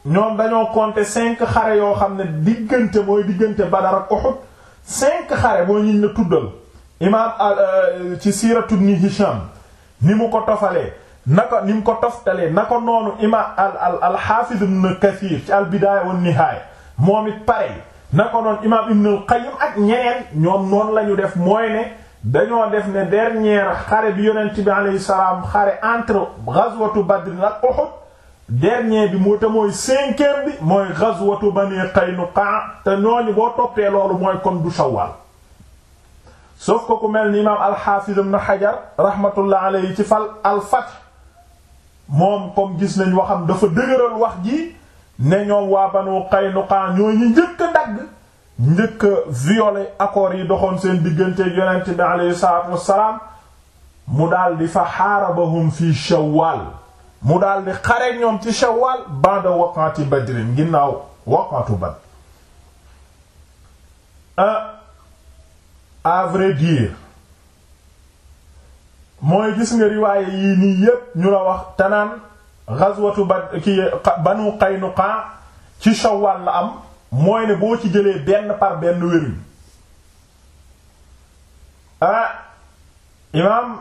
ñoom dañoo compter cinq xare yoo xam ne diggante mooy diggante Badar ak cinq xare mooy ñiñ la tuddal imaam euh, ci siiratu Ibn Hisham ni mu ko tofalee naka ni mu ko toftalee naka noonu imaam al al al Hafiz Ibn Kathir ci al Bidaaya wan Nihaaya moom it pare naka noonu imaam Ibn al Qayyim ak ñeneen ñoom noonu la def mooy ne. dañoo def ne dernière xare bi yonent bi alayhi salaam xare entre ghazwatu Badr ak Uhud dernier bi mu te mooy cinquième bi mooy ghazwatu Bani Qaynuqa te ñooñu boo toppee loolu mooy kon du Shawwal sauf que ku mel ni imaam al-Hafiz ibn Hajar rahmatullah ci fal al moom comme gis nañ waxam dafa dëgëral wax ji ne ñoom waa Banu Qaynuqa ñoo ñu njëkk a njëkk a violer accords yi doxoon seen diggante yonent bi aleyhi salaatu wassalaam mu daldi fa xaarabahum fi shawwal mu daldi xare ñoom ci shawwal ba'da waqati badrin ginnaaw waqatu badr ah, à vrai mooy gis nga riwaaye yii nii yépp ñu la wax tanaan ghazwatu bad ki banu Qaynuqa ci shawwal la am mooy ne boo ci jëlee benn par benn wéruñ ah imaam